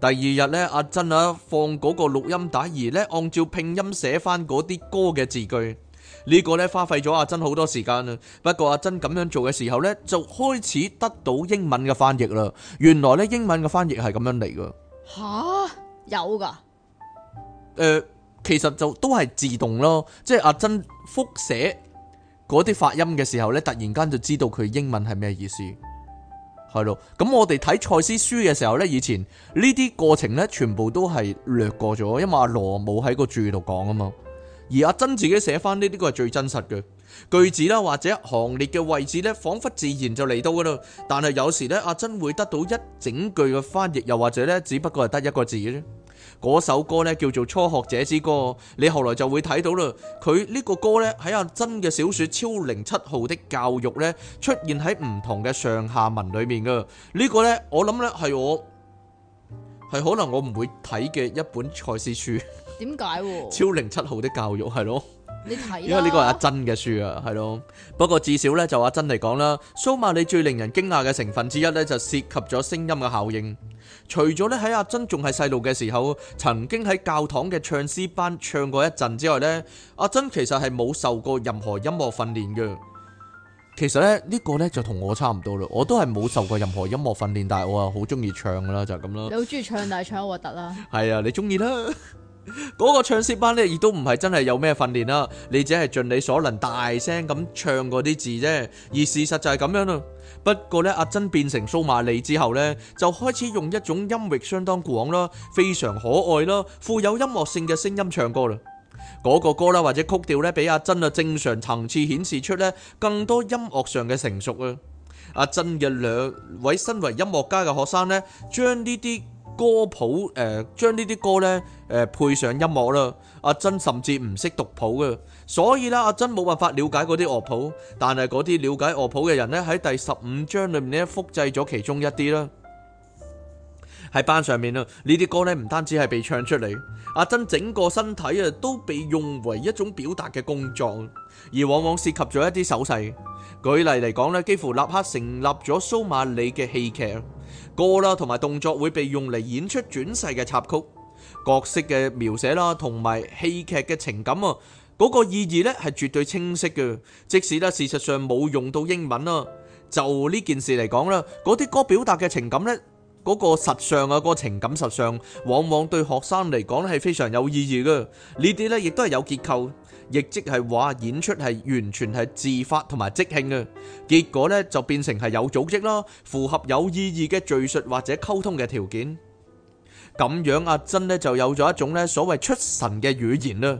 第二日咧，阿珍啊放嗰個錄音帶，而咧按照拼音寫翻嗰啲歌嘅字句，呢、這個咧花費咗阿珍好多時間啊。不過阿珍咁樣做嘅時候咧，就開始得到英文嘅翻譯啦。原來咧，英文嘅翻譯係咁樣嚟噶吓，有噶誒、呃，其實就都係自動咯，即係阿珍。複寫嗰啲發音嘅時候呢，突然間就知道佢英文係咩意思，係咯？咁我哋睇賽斯書嘅時候呢，以前呢啲過程呢，全部都係略過咗，因為阿羅冇喺個注意度講啊嘛。而阿珍自己寫翻呢啲，這個係最真實嘅句子啦，或者行列嘅位置呢，仿佛自然就嚟到㗎喇。但係有時呢，阿珍會得到一整句嘅翻譯，又或者呢，只不過係得一個字啫。嗰首歌呢，叫做《初學者之歌》，你後來就會睇到啦。佢呢個歌呢，喺阿珍嘅小說《超零七號的教育》呢，出現喺唔同嘅上下文裏面噶。呢、這個呢，我諗呢係我係可能我唔會睇嘅一本賽斯書。點解？超零七號的教育係咯。你睇因為呢個係阿珍嘅書啊，係咯。不過至少呢，就阿珍嚟講啦，蘇瑪里最令人驚訝嘅成分之一呢，就涉及咗聲音嘅效應。除咗咧喺阿珍仲係細路嘅時候，曾經喺教堂嘅唱詩班唱過一陣之外呢，阿珍其實係冇受過任何音樂訓練嘅。其實咧呢個呢就同我差唔多啦，我都係冇受過任何音樂訓練，但係我啊好中意唱噶啦，就係咁啦。你好中意唱，但係唱得核突啦。係 啊，你中意啦。嗰個唱詩班呢，亦都唔係真係有咩訓練啦，你只係盡你所能大聲咁唱嗰啲字啫。而事實就係咁樣咯。不過呢，阿珍變成蘇馬利之後呢，就開始用一種音域相當廣啦、非常可愛啦、富有音樂性嘅聲音唱歌啦。嗰、嗰個歌啦或者曲調呢，比阿珍啊正常層次顯示出呢更多音樂上嘅成熟啊。阿珍嘅兩位身為音樂家嘅學生呢，將呢啲。歌譜誒，將呢啲歌咧誒配上音樂啦。阿珍甚至唔識讀譜嘅，所以啦，阿珍冇辦法了解嗰啲樂譜。但係嗰啲了解樂譜嘅人咧，喺第十五章裏面咧複製咗其中一啲啦。喺班上面啦，呢啲歌咧唔單止係被唱出嚟，阿珍整個身體啊都被用為一種表達嘅工作，而往往涉及咗一啲手勢。舉例嚟講咧，幾乎立刻成立咗蘇瑪里嘅戲劇。歌啦，同埋動作會被用嚟演出轉世嘅插曲，角色嘅描寫啦，同埋戲劇嘅情感啊，嗰個意義呢係絕對清晰嘅。即使呢事實上冇用到英文啊，就呢件事嚟講啦，嗰啲歌表達嘅情感呢，嗰個實相啊，嗰個情感實相，往往對學生嚟講咧係非常有意義嘅。呢啲呢亦都係有結構。亦即係話演出係完全係自發同埋即興嘅，結果咧就變成係有組織咯，符合有意義嘅敘述或者溝通嘅條件。咁樣阿珍咧就有咗一種咧所謂出神嘅語言啦。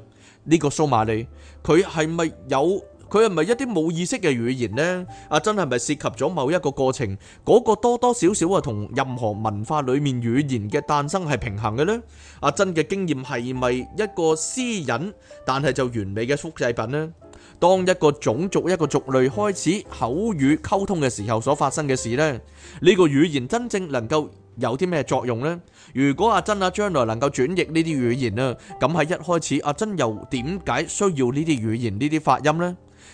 呢個蘇馬利佢係咪有？佢係咪一啲冇意識嘅語言呢？阿珍係咪涉及咗某一個過程？嗰個多多少少啊，同任何文化裏面語言嘅誕生係平衡嘅呢？阿珍嘅經驗係咪一個私隱但係就完美嘅複製品呢？當一個種族，一個族類開始口語溝通嘅時候，所發生嘅事呢，呢個語言真正能夠有啲咩作用呢？如果阿珍啊將來能夠轉譯呢啲語言啊，咁喺一開始阿珍又點解需要呢啲語言、呢啲發音呢？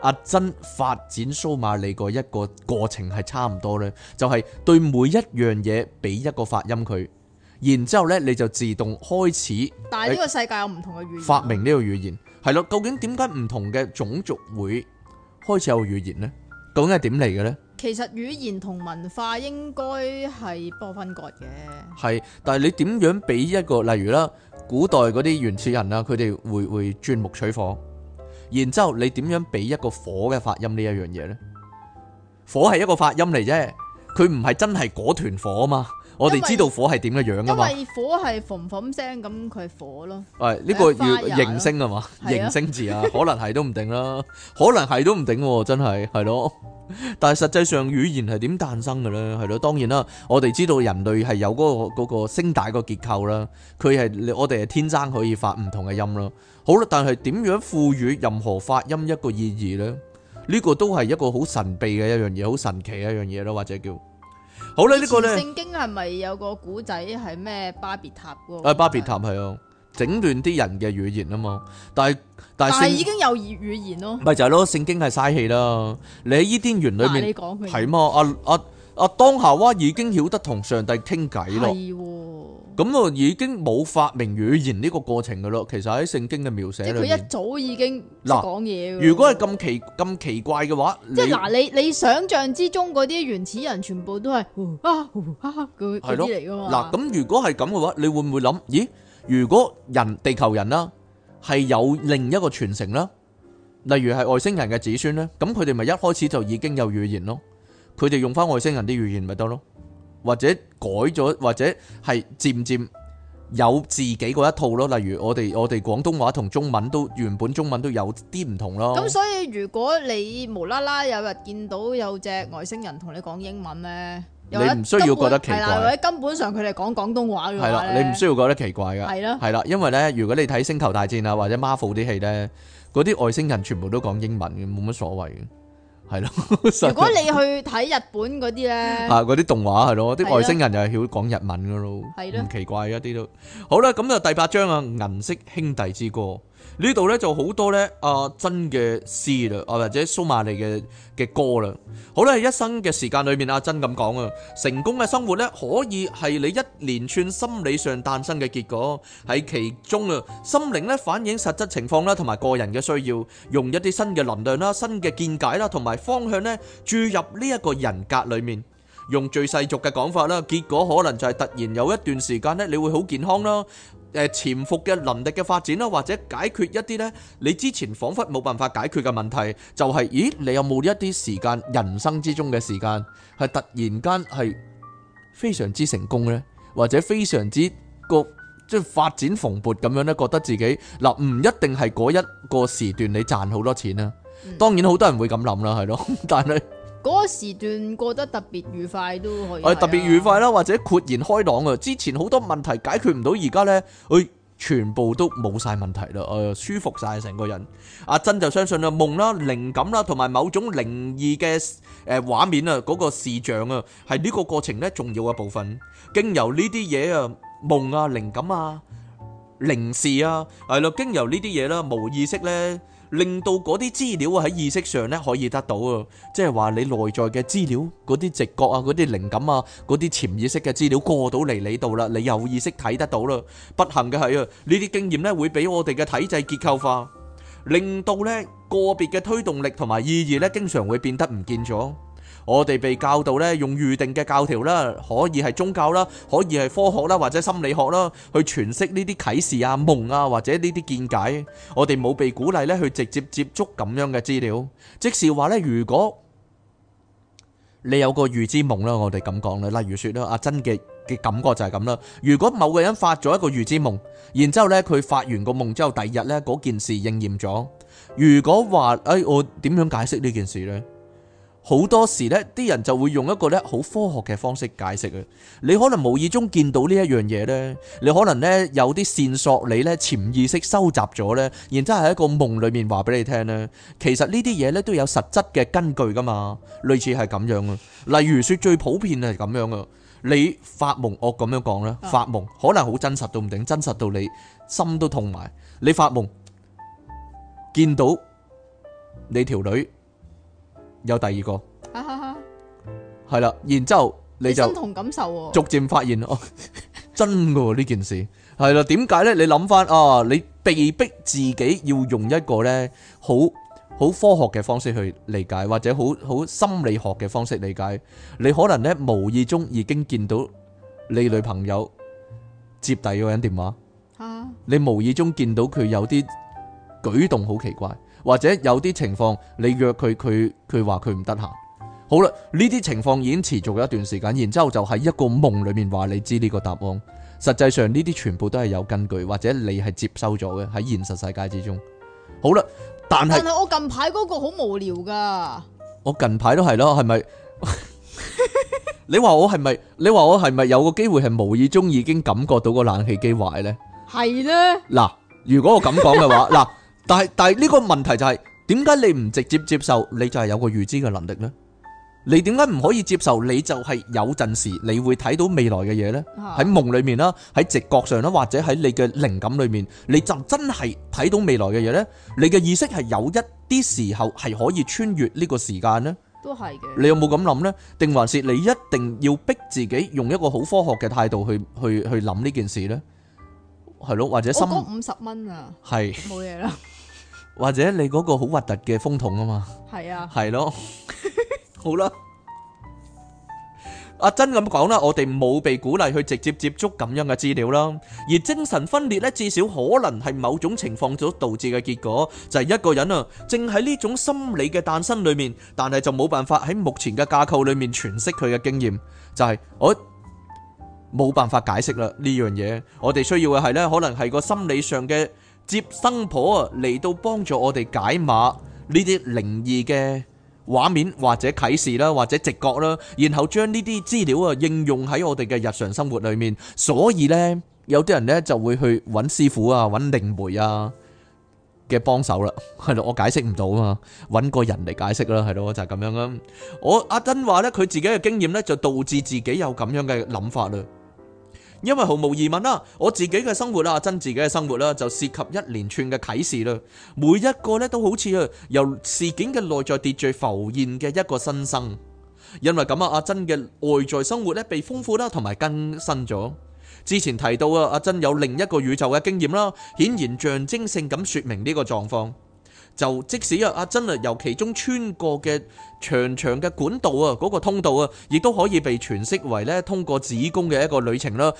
阿珍發展蘇馬利個一個過程係差唔多呢，就係、是、對每一樣嘢俾一個發音佢，然之後呢，你就自動開始。但係呢個世界有唔同嘅語言，發明呢個語言係咯？究竟點解唔同嘅種族會開始有語言呢？究竟係點嚟嘅呢？其實語言同文化應該係不分割嘅。係，但係你點樣俾一個？例如啦，古代嗰啲原始人啊，佢哋會會鑽木取火。然之後你點樣俾一個火嘅發音呢一樣嘢呢？火係一個發音嚟啫，佢唔係真係嗰團火啊嘛。我哋為知道火係點嘅樣啊嘛。因為火係嘭嘭聲，咁佢係火咯。誒、哎、呢、這個要形聲啊嘛，形聲字啊，可能係都唔定啦， 可能係都唔定，真係係咯。但係實際上語言係點誕生嘅咧？係咯，當然啦，我哋知道人類係有嗰、那個嗰、那個聲帶個結構啦，佢係我哋係天生可以發唔同嘅音咯。好啦，但係點樣賦予任何發音一個意義咧？呢個都係一個好神秘嘅一樣嘢，好神奇嘅一樣嘢咯，或者叫好啦，呢個咧。聖經係咪有個古仔係咩巴別塔嘅？誒，巴別塔係啊，整亂啲人嘅語言啊嘛。但係但係已經有語語言咯。咪就係咯，聖經係嘥氣啦。你喺伊甸園裏面係嘛？阿阿阿當夏娃，已經曉得同上帝傾偈咯。咁啊，已經冇發明語言呢個過程噶咯。其實喺聖經嘅描寫裏面，即係佢一早已經講嘢。如果係咁奇咁奇怪嘅話，即係嗱，你你想象之中嗰啲原始人全部都係啊啊嘅意思嚟噶嘛？嗱，咁如果係咁嘅話，你會唔會諗？咦，如果人地球人啦，係有另一個傳承啦，例如係外星人嘅子孫咧，咁佢哋咪一開始就已經有語言咯？佢哋用返外星人啲語言咪得咯？或者改咗，或者係漸漸有自己嗰一套咯。例如我哋我哋廣東話同中文都原本中文都有啲唔同咯。咁所以如果你無啦啦有日見到有隻外星人同你講英文呢，你唔需要覺得奇怪。或者，或者根本上佢哋講廣東話嘅話，你唔需要覺得奇怪嘅。係咯，係啦，因為呢，如果你睇《星球大戰》啊或者《Marvel》啲戲呢，嗰啲外星人全部都講英文嘅，冇乜所謂嘅。係咯，是 如果你去睇日本嗰啲咧，啊嗰啲動畫係咯，啲的外星人又係曉講日文噶咯，唔的奇怪一啲都。好啦，咁就第八章啊，《銀色兄弟之歌》。呢度咧就好多咧阿珍嘅詩啦，啊或者蘇馬利嘅嘅歌啦。好咧，一生嘅時間裏面，阿珍咁講啊，成功嘅生活咧可以係你一連串心理上誕生嘅結果喺其中啊，心靈咧反映實質情況啦，同埋個人嘅需要，用一啲新嘅能量啦、新嘅見解啦，同埋方向咧注入呢一個人格裡面，用最世俗嘅講法啦，結果可能就係突然有一段時間咧，你會好健康啦。誒，潛伏嘅能力嘅發展啦，或者解決一啲呢，你之前仿佛冇辦法解決嘅問題，就係，咦，你有冇一啲時間，人生之中嘅時間，係突然間係非常之成功呢，或者非常之個即係發展蓬勃咁樣呢，覺得自己嗱唔一定係嗰一個時段你賺好多錢啊，當然好多人會咁諗啦，係咯，但係。嗰個時段過得特別愉快都可以，誒特別愉快啦，或者豁然開朗啊！之前好多問題解決唔到，而家咧，誒全部都冇曬問題啦，誒舒服曬成個人。阿珍就相信啦，夢啦、靈感啦，同埋某種靈異嘅誒畫面啊，嗰個視像啊，係呢個過程咧重要嘅部分。經由呢啲嘢啊，夢啊、靈感啊、靈視啊，係咯，經由呢啲嘢啦，無意識咧。令到嗰啲資料啊，喺意識上咧可以得到啊，即係話你內在嘅資料、嗰啲直覺啊、嗰啲靈感啊、嗰啲潛意識嘅資料過到嚟你度啦，你有意識睇得到啦。不幸嘅係啊，呢啲經驗咧會俾我哋嘅體制結構化，令到呢個別嘅推動力同埋意義咧經常會變得唔見咗。我哋被教導咧，用預定嘅教條啦，可以係宗教啦，可以係科學啦，或者心理學啦，去詮釋呢啲啟示啊、夢啊，或者呢啲見解。我哋冇被鼓勵咧去直接接觸咁樣嘅資料，即是話咧，如果你有個預知夢啦，我哋咁講啦，例如説啦，阿珍嘅嘅感覺就係咁啦。如果某個人發咗一個預知夢，然之後咧佢發完個夢之後，第二日咧嗰件事應驗咗。如果話誒，我點樣解釋呢件事呢？好多時咧，啲人就會用一個咧好科學嘅方式解釋啊！你可能無意中見到呢一樣嘢咧，你可能咧有啲線索，你咧潛意識收集咗咧，然之後喺一個夢裏面話俾你聽咧。其實呢啲嘢咧都有實質嘅根據㗎嘛，類似係咁樣啊。例如説最普遍係咁樣啊，你發夢我咁樣講啦，發夢可能好真實到唔定，真實到你心都痛埋。你發夢見到你條女。有第二個，係啦，然之後你就同感受，逐漸發現哦，真噶呢件事係啦。點解呢？你諗翻啊，你被逼自己要用一個呢好好科學嘅方式去理解，或者好好心理學嘅方式理解。你可能呢無意中已經見到你女朋友接第二個人電話，你無意中見到佢有啲舉動好奇怪。或者有啲情況你約佢，佢佢話佢唔得閒。好啦，呢啲情況已經持續咗一段時間，然之後就喺一個夢裏面話你知呢個答案。實際上呢啲全部都係有根據，或者你係接收咗嘅喺現實世界之中。好啦，但係但係我近排嗰個好無聊噶。我近排都係咯，係咪？ 你話我係咪？你話我係咪有個機會係無意中已經感覺到個冷氣機壞呢？係呢！嗱，如果我咁講嘅話，嗱。 但係但係呢個問題就係點解你唔直接接受你就係有個預知嘅能力咧？你點解唔可以接受你就係有陣時你會睇到未來嘅嘢咧？喺夢裏面啦，喺直覺上啦，或者喺你嘅靈感裏面，你就真係睇到未來嘅嘢咧？你嘅意識係有一啲時候係可以穿越呢個時間咧？都係嘅。你有冇咁諗咧？定還是你一定要逼自己用一個好科學嘅態度去去去諗呢件事咧？係咯，或者我攞五十蚊啊，係冇嘢啦。或者你嗰個好核突嘅風筒啊嘛，係啊，係咯，好啦，阿珍咁講啦，我哋冇被鼓勵去直接接觸咁樣嘅資料啦，而精神分裂呢，至少可能係某種情況所導致嘅結果，就係一個人啊，正喺呢種心理嘅誕生裏面，但係就冇辦法喺目前嘅架構裏面詮釋佢嘅經驗，就係我冇辦法解釋啦呢樣嘢，我哋需要嘅係呢，可能係個心理上嘅。接生婆啊，嚟到幫助我哋解碼呢啲靈異嘅畫面或者啟示啦，或者直覺啦，然後將呢啲資料啊應用喺我哋嘅日常生活裏面。所以呢，有啲人呢就會去揾師傅啊，揾靈媒啊嘅幫手啦。係 咯、就是，我解釋唔到啊嘛，揾個人嚟解釋啦。係咯，就係咁樣啦。我阿珍話呢，佢自己嘅經驗呢，就導致自己有咁樣嘅諗法啦。因為毫無疑問啦，我自己嘅生活啦，阿珍自己嘅生活啦，就涉及一連串嘅啟示啦。每一個咧都好似啊由事件嘅內在秩序浮現嘅一個新生。因為咁啊，阿珍嘅外在生活咧被豐富啦，同埋更新咗。之前提到啊，阿珍有另一個宇宙嘅經驗啦，顯然象徵性咁說明呢個狀況。就即使啊，真係由其中穿過嘅長長嘅管道啊，嗰個通道啊，亦都可以被詮釋為咧通過子宮嘅一個旅程啦。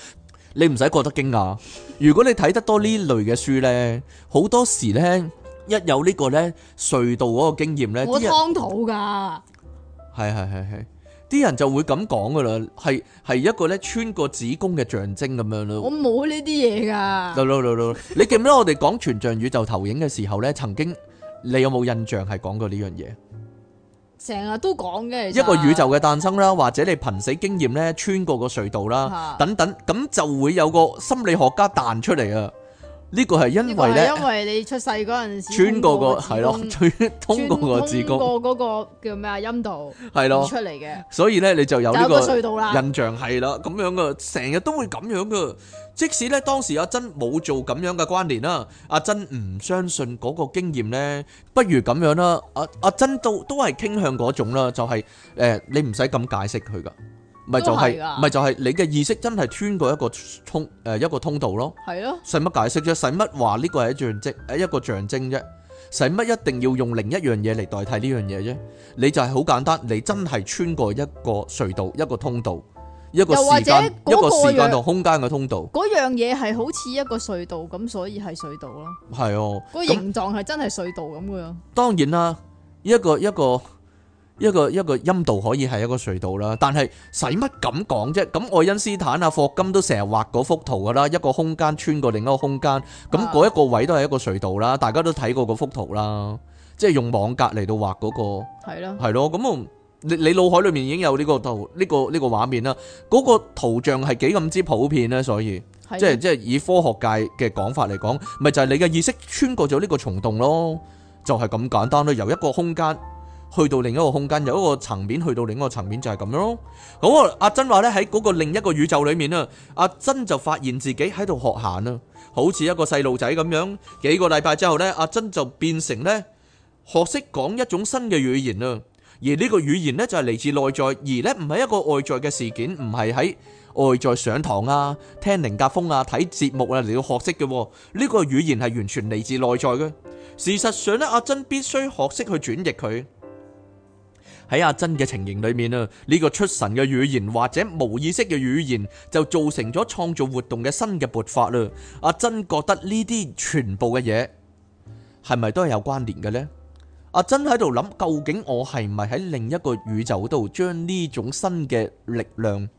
你唔使覺得驚訝，如果你睇得多呢類嘅書咧，好多時咧一有呢個咧隧道嗰個經驗咧，我荒土噶，係係係係，啲人就會咁講噶啦，係係一個咧穿過子宮嘅象徵咁樣咯。我冇呢啲嘢噶，no no no no，你記唔記得我哋講全像宇宙投影嘅時候咧，曾經？你有冇印象係講過呢樣嘢？成日都講嘅，一個宇宙嘅誕生啦，或者你瀕死經驗咧穿過個隧道啦，等等，咁就會有個心理學家彈出嚟啊！呢個係因為咧，因為你出世嗰陣時穿過個係咯，穿通過個字根過嗰個叫咩啊，陰道，係咯出嚟嘅，所以咧你就有呢個隧道啦，印象係啦。咁樣嘅，成日都會咁樣嘅，即使咧當時阿珍冇做咁樣嘅關聯啦，阿珍唔相信嗰個經驗咧，不如咁樣啦，阿阿珍都都係傾向嗰種啦，就係誒你唔使咁解釋佢噶。咪就係，咪就係，你嘅意識真係穿過一個通誒一個通道咯。係咯。使乜解釋啫？使乜話呢個係一象徵，誒一個象徵啫？使乜一定要用另一樣嘢嚟代替呢樣嘢啫？你就係好簡單，你真係穿過一個隧道，一個通道，一個時間，又或者，一個時間同空間嘅通道。嗰樣嘢係好似一個隧道咁，所以係隧道咯。係哦。個形狀係真係隧道咁嘅。當然啦，一個一個。一個一個陰道可以係一個隧道啦，但係使乜咁講啫？咁愛因斯坦啊、霍金都成日畫嗰幅圖㗎啦，一個空間穿過另一個空間，咁嗰一個位都係一個隧道啦。大家都睇過嗰幅圖啦，即係用網格嚟到畫嗰、那個係啦，係咯的。咁我你你腦海裡面已經有呢個圖，呢、這個呢、這個畫面啦。嗰、那個圖像係幾咁之普遍呢？所以的即係即係以科學界嘅講法嚟講，咪就係、是、你嘅意識穿過咗呢個蟲洞咯，就係、是、咁簡單啦。由一個空間，去到另一個空間，有一個層面，去到另一個層面就係咁樣咯。咁阿珍話呢，喺嗰個另一個宇宙裏面啊，阿珍就發現自己喺度學下啊，好似一個細路仔咁樣。幾個禮拜之後呢，阿珍就變成呢，學識講一種新嘅語言啊。而呢個語言呢，就係嚟自內在，而呢，唔係一個外在嘅事件，唔係喺外在上堂啊、聽靈格風啊、睇節目啊嚟到學識嘅。呢、這個語言係完全嚟自內在嘅。事實上呢，阿珍必須學識去轉譯佢。喺阿珍嘅情形裏面啊，呢個出神嘅語言或者無意識嘅語言就造成咗創造活動嘅新嘅勃發啦。阿珍覺得呢啲全部嘅嘢係咪都係有關聯嘅呢？阿珍喺度諗，究竟我係咪喺另一個宇宙度將呢種新嘅力量、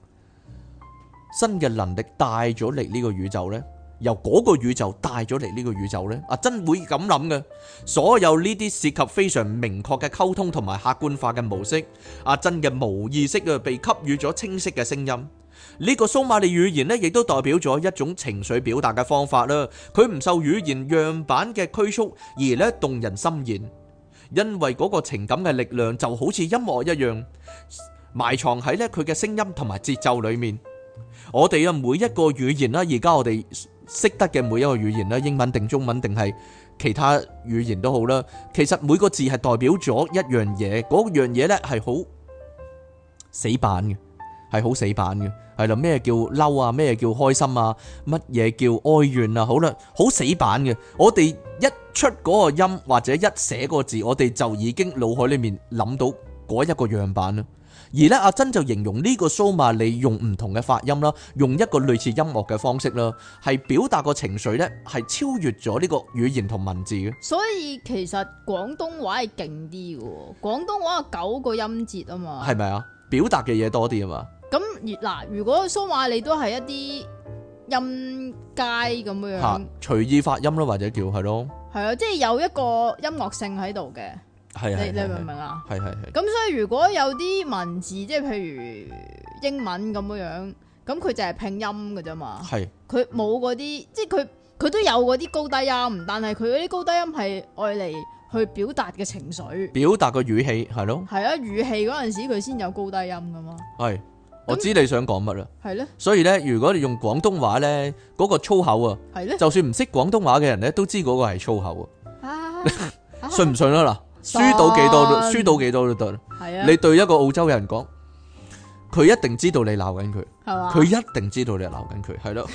新嘅能力帶咗嚟呢個宇宙呢？由嗰個宇宙帶咗嚟呢個宇宙咧，阿珍會咁諗嘅。所有呢啲涉及非常明確嘅溝通同埋客觀化嘅模式，阿珍嘅無意識啊被給予咗清晰嘅聲音。呢個蘇瑪利語言咧，亦都代表咗一種情緒表達嘅方法啦。佢唔受語言樣板嘅拘束，而咧動人心弦，因為嗰個情感嘅力量就好似音樂一樣，埋藏喺咧佢嘅聲音同埋節奏裡面。我哋呀每一個語言啦，而家我哋識得嘅每一個語言啦，英文定中文定係其他語言都好啦。其實每個字係代表咗一樣嘢，嗰樣嘢呢係好死板嘅，係好死板嘅係啦。咩叫嬲啊？咩叫開心啊？乜嘢叫哀怨啊？好啦，好死板嘅。我哋一出嗰個音或者一寫個字，我哋就已經腦海裡面諗到嗰一個樣板啦。而咧，阿珍就形容呢個蘇馬，你用唔同嘅發音啦，用一個類似音樂嘅方式啦，係表達個情緒咧，係超越咗呢個語言同文字嘅。所以其實廣東話係勁啲嘅，廣東話有九個音節啊嘛，係咪啊？表達嘅嘢多啲啊嘛。咁，嗱，如果蘇馬你都係一啲音階咁樣，隨意發音啦，或者叫係咯，係啊，即係有一個音樂性喺度嘅。係是你你明唔明啊？係係係咁，所以如果有啲文字，即係譬如英文咁樣樣，咁佢就係拼音嘅啫嘛。係佢冇嗰啲，即係佢佢都有嗰啲高低音，但係佢嗰啲高低音係愛嚟去表達嘅情緒。表達個語氣係咯，係啊語氣嗰陣時佢先有高低音噶嘛。係我知你想講乜啦。係咧，所以咧，如果你用廣東話咧，嗰個粗口啊，係咧的，就算唔識廣東話嘅人咧，都知嗰個係粗口啊。信唔信啊？嗱、啊。 信輸到幾多都，輸到幾多都得。係啊，你對一個澳洲人講，佢一定知道你鬧緊佢。係嘛，佢一定知道你鬧緊佢。係咯，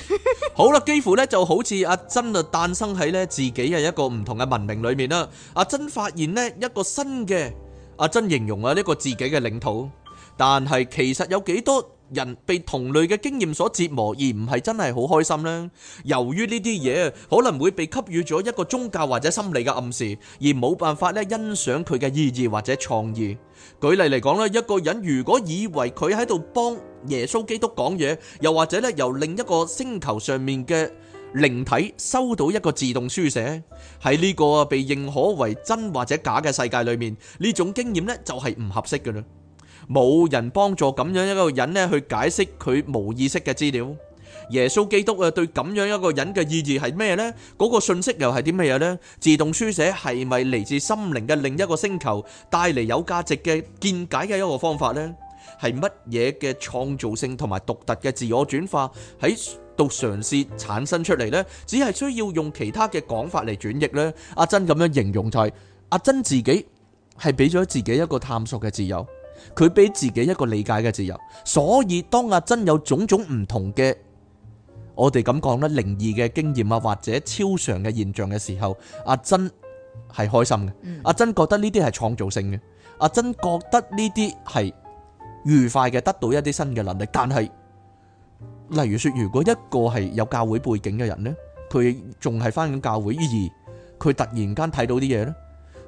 好啦，幾乎咧就好似阿珍啊誕生喺咧自己嘅一個唔同嘅文明裏面啦。阿珍發現咧一個新嘅，阿珍形容啊呢個自己嘅領土，但係其實有幾多？人被同類嘅經驗所折磨，而唔係真係好開心咧。由於呢啲嘢可能會被給予咗一個宗教或者心理嘅暗示，而冇辦法咧欣賞佢嘅意義或者創意。舉例嚟講啦，一個人如果以為佢喺度幫耶穌基督講嘢，又或者咧由另一個星球上面嘅靈體收到一個自動書寫，喺呢個被認可為真或者假嘅世界裏面，呢種經驗咧就係唔合適㗎喇。冇人幫助咁樣一個人呢，去解釋佢無意識嘅資料。耶穌基督啊，對咁樣一個人嘅意義係咩呢？嗰個信息又係啲咩嘢呢？自動書寫係咪嚟自心靈嘅另一個星球帶嚟有價值嘅見解嘅一個方法呢？係乜嘢嘅創造性同埋獨特嘅自我轉化喺度嘗試產生出嚟呢？只係需要用其他嘅講法嚟轉譯呢？阿珍咁樣形容就係阿珍自己係俾咗自己一個探索嘅自由。佢俾自己一個理解嘅自由，所以當阿珍有種種唔同嘅，我哋咁講呢靈異嘅經驗啊，或者超常嘅現象嘅時候，阿珍係開心嘅。嗯。阿珍覺得呢啲係創造性嘅，阿珍覺得呢啲係愉快嘅，得到一啲新嘅能力。但係，例如說，如果一個係有教會背景嘅人呢，佢仲係翻緊教會，而佢突然間睇到啲嘢呢，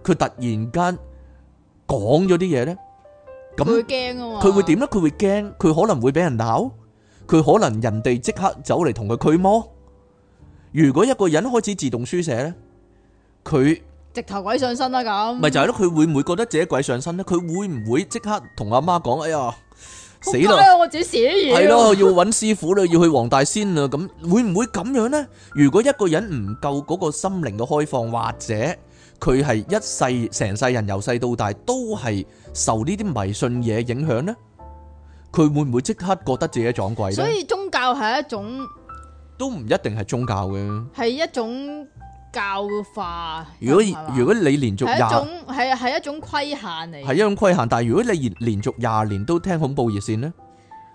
佢突然間講咗啲嘢呢。佢會驚啊嘛！佢會點咧？佢會驚，佢可能會俾人鬧，佢可能人哋即刻走嚟同佢驅魔。如果一個人開始自動書寫咧，佢直頭鬼上身啦！咁咪就係咯，佢會唔會覺得自己鬼上身咧？佢會唔會即刻同阿媽講？哎呀，死啦！我寫嘢係咯，要揾師傅啦，要去黃大仙啦。咁會唔會咁樣咧？如果一個人唔夠嗰個心靈嘅開放，或者佢係一世成世人由細到大都係。受呢啲迷信嘢影響呢，佢會唔會即刻覺得自己撞鬼呢？所以宗教係一種都唔一定係宗教嘅，係一種教化。如果如果你連續廿係係一種規限嚟，係一種規限。但係如果你連連續廿年都聽恐怖熱線呢，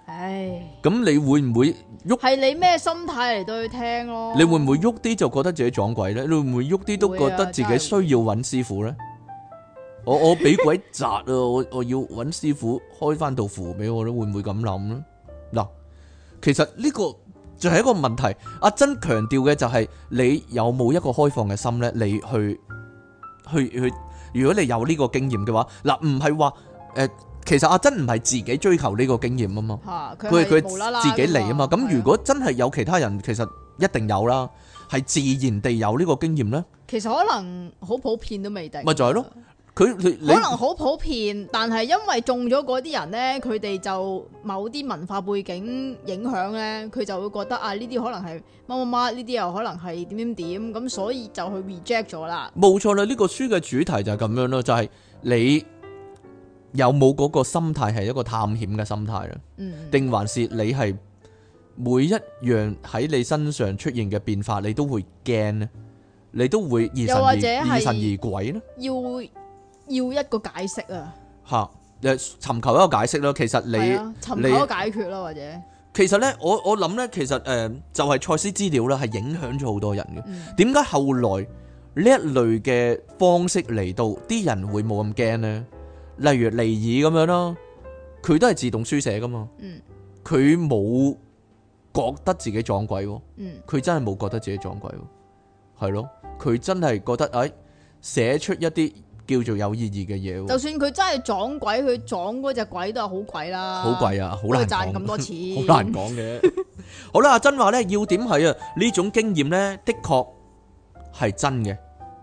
唉，咁你會唔會喐？係你咩心態嚟到去聽咯？你會唔會喐啲就覺得自己撞鬼呢？你會唔會喐啲都覺得自己需要揾師傅呢？ 我我俾鬼砸啊！我我要揾師傅開翻道符俾我咧，會唔會咁諗咧？嗱，其實呢個就係一個問題。阿珍強調嘅就係你有冇一個開放嘅心呢？你去去去，如果你有呢個經驗嘅話，嗱、嗯，唔係話誒，其實阿珍唔係自己追求呢個經驗啊嘛，佢佢係自己嚟啊嘛。咁、嗯、如果真係有其他人，其實一定有啦，係自然地有呢個經驗呢，其實可能好普遍都未定。咪就係咯。佢佢可能好普遍，但係因為中咗嗰啲人咧，佢哋就某啲文化背景影響咧，佢就會覺得啊，呢啲可能係乜乜乜，呢啲又可能係點點點，咁所以就去 reject 咗啦。冇錯啦，呢個書嘅主題就係咁樣咯，就係你有冇嗰個心態係一個探險嘅心態啦？嗯，定還是你係每一樣喺你身上出現嘅變化，你都會驚咧？你都會疑神疑疑神疑鬼咧？要。要一個解釋啊，吓誒，尋求一個解釋咯。其實你尋求個解決咯，或者其實咧，我我諗咧，其實誒就係賽斯資料咧，係影響咗好多人嘅。點解後來呢一類嘅方式嚟到啲人會冇咁驚咧？例如尼爾咁樣咯，佢都係自動書寫噶嘛，嗯，佢冇覺得自己撞鬼，嗯，佢真係冇覺得自己撞鬼，係咯，佢真係覺得誒寫出一啲。叫做有意義嘅嘢喎，就算佢真係撞鬼，佢撞嗰隻鬼都係好貴啦，好貴啊，好難講，好難講嘅。好啦，阿珍話咧，要點係啊？呢種經驗咧，的確係真嘅。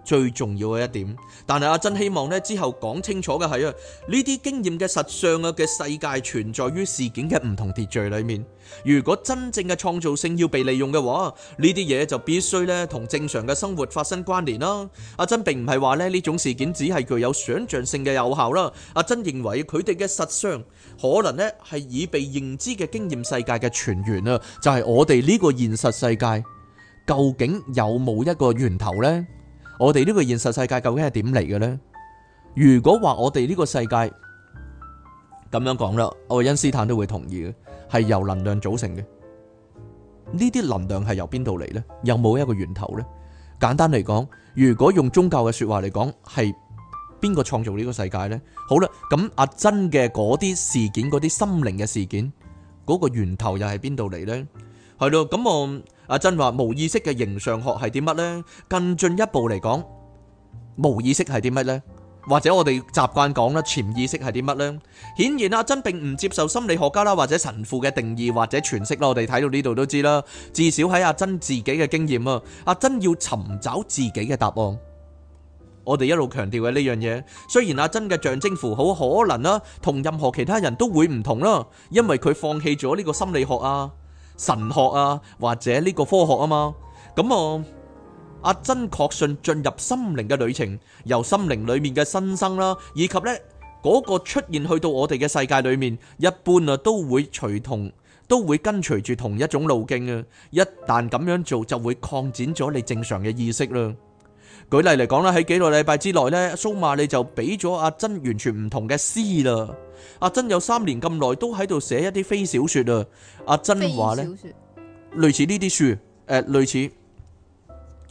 最重要嘅一點，但係阿珍希望呢之後講清楚嘅係啊，呢啲經驗嘅實相嘅嘅世界存在於事件嘅唔同秩序裏面。如果真正嘅創造性要被利用嘅話，呢啲嘢就必須咧同正常嘅生活發生關聯啦。阿珍並唔係話咧呢種事件只係具有想象性嘅有效啦。阿珍認為佢哋嘅實相可能呢係已被認知嘅經驗世界嘅泉源啊，就係、是、我哋呢個現實世界究竟有冇一個源頭呢？我哋呢個現實世界究竟係點嚟嘅呢？如果話我哋呢個世界咁樣講啦，愛因斯坦都會同意嘅，係由能量組成嘅。呢啲能量係由邊度嚟呢？有冇一個源頭呢？簡單嚟講，如果用宗教嘅說話嚟講，係邊個創造呢個世界呢？好啦，咁阿珍嘅嗰啲事件、嗰啲心靈嘅事件，嗰個源頭又係邊度嚟呢？係咯，咁我阿珍話無意識嘅形上學係啲乜呢？更進一步嚟講，無意識係啲乜呢？或者我哋習慣講啦，潛意識係啲乜呢？顯然阿珍並唔接受心理學家啦，或者神父嘅定義或者詮釋啦。我哋睇到呢度都知啦。至少喺阿珍自己嘅經驗啊，阿珍要尋找自己嘅答案。我哋一路強調嘅呢樣嘢，雖然阿珍嘅象徵符好可能啦，同任何其他人都會唔同啦，因為佢放棄咗呢個心理學啊。神學啊，或者呢個科學啊嘛，咁啊，阿珍確信進入心靈嘅旅程，由心靈裏面嘅新生啦，以及咧嗰個出現去到我哋嘅世界裏面，一般啊都會隨同都會跟隨住同一種路徑啊。一旦咁樣做，就會擴展咗你正常嘅意識啦。舉例嚟講啦，喺幾個禮拜之內咧，蘇瑪你就俾咗阿珍完全唔同嘅詩啦。阿珍有三年咁耐都喺度寫一啲非小說啊！阿珍話咧，類似呢啲書，誒，類似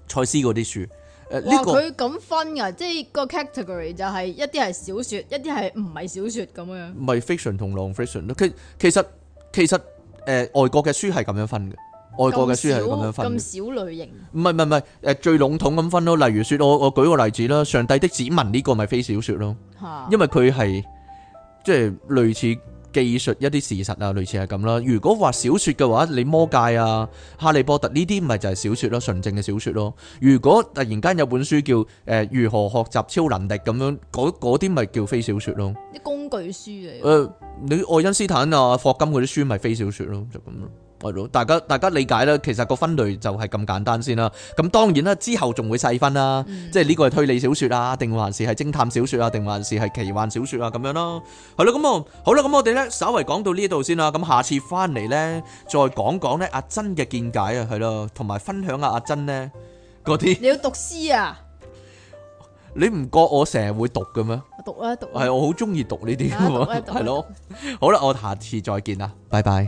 賽斯嗰啲書。誒，哇，佢咁分噶，即係個 category 就係一啲係小說，一啲係唔係小說咁樣。唔係 fiction 同 non-fiction 咯。其其實其實誒，外國嘅書係咁樣分嘅，外國嘅書係咁樣分嘅。咁少類型？唔係唔係唔係，誒，最籠統咁分咯。例如說，我我舉個例子啦，《上帝的指紋》呢個咪非小說咯，因為佢係。即係類似技術一啲事實啊，類似係咁啦。如果話小說嘅話，你魔戒啊、哈利波特呢啲咪就係小說咯，純正嘅小說咯。如果突然間有本書叫誒、呃、如何學習超能力咁樣，嗰啲咪叫非小說咯。啲工具書嚟。誒、呃，你愛因斯坦啊、霍金嗰啲書咪非小說咯，就咁咯。大家大家理解啦，其實個分類就係咁簡單先啦。咁當然啦，之後仲會細分啦，即係呢個係推理小說啊，定還是係偵探小說啊，定還是係奇幻小說啊咁樣咯。係咯，咁啊，好啦，咁我哋咧，稍為講到呢度先啦。咁下次翻嚟咧，再講講咧阿珍嘅見解啊，係咯，同埋分享下阿珍咧嗰啲。你要讀詩啊？你唔覺我成日會讀嘅咩？讀啊讀！係我好中意讀呢啲，係咯。好啦，我下次再見啦，拜拜。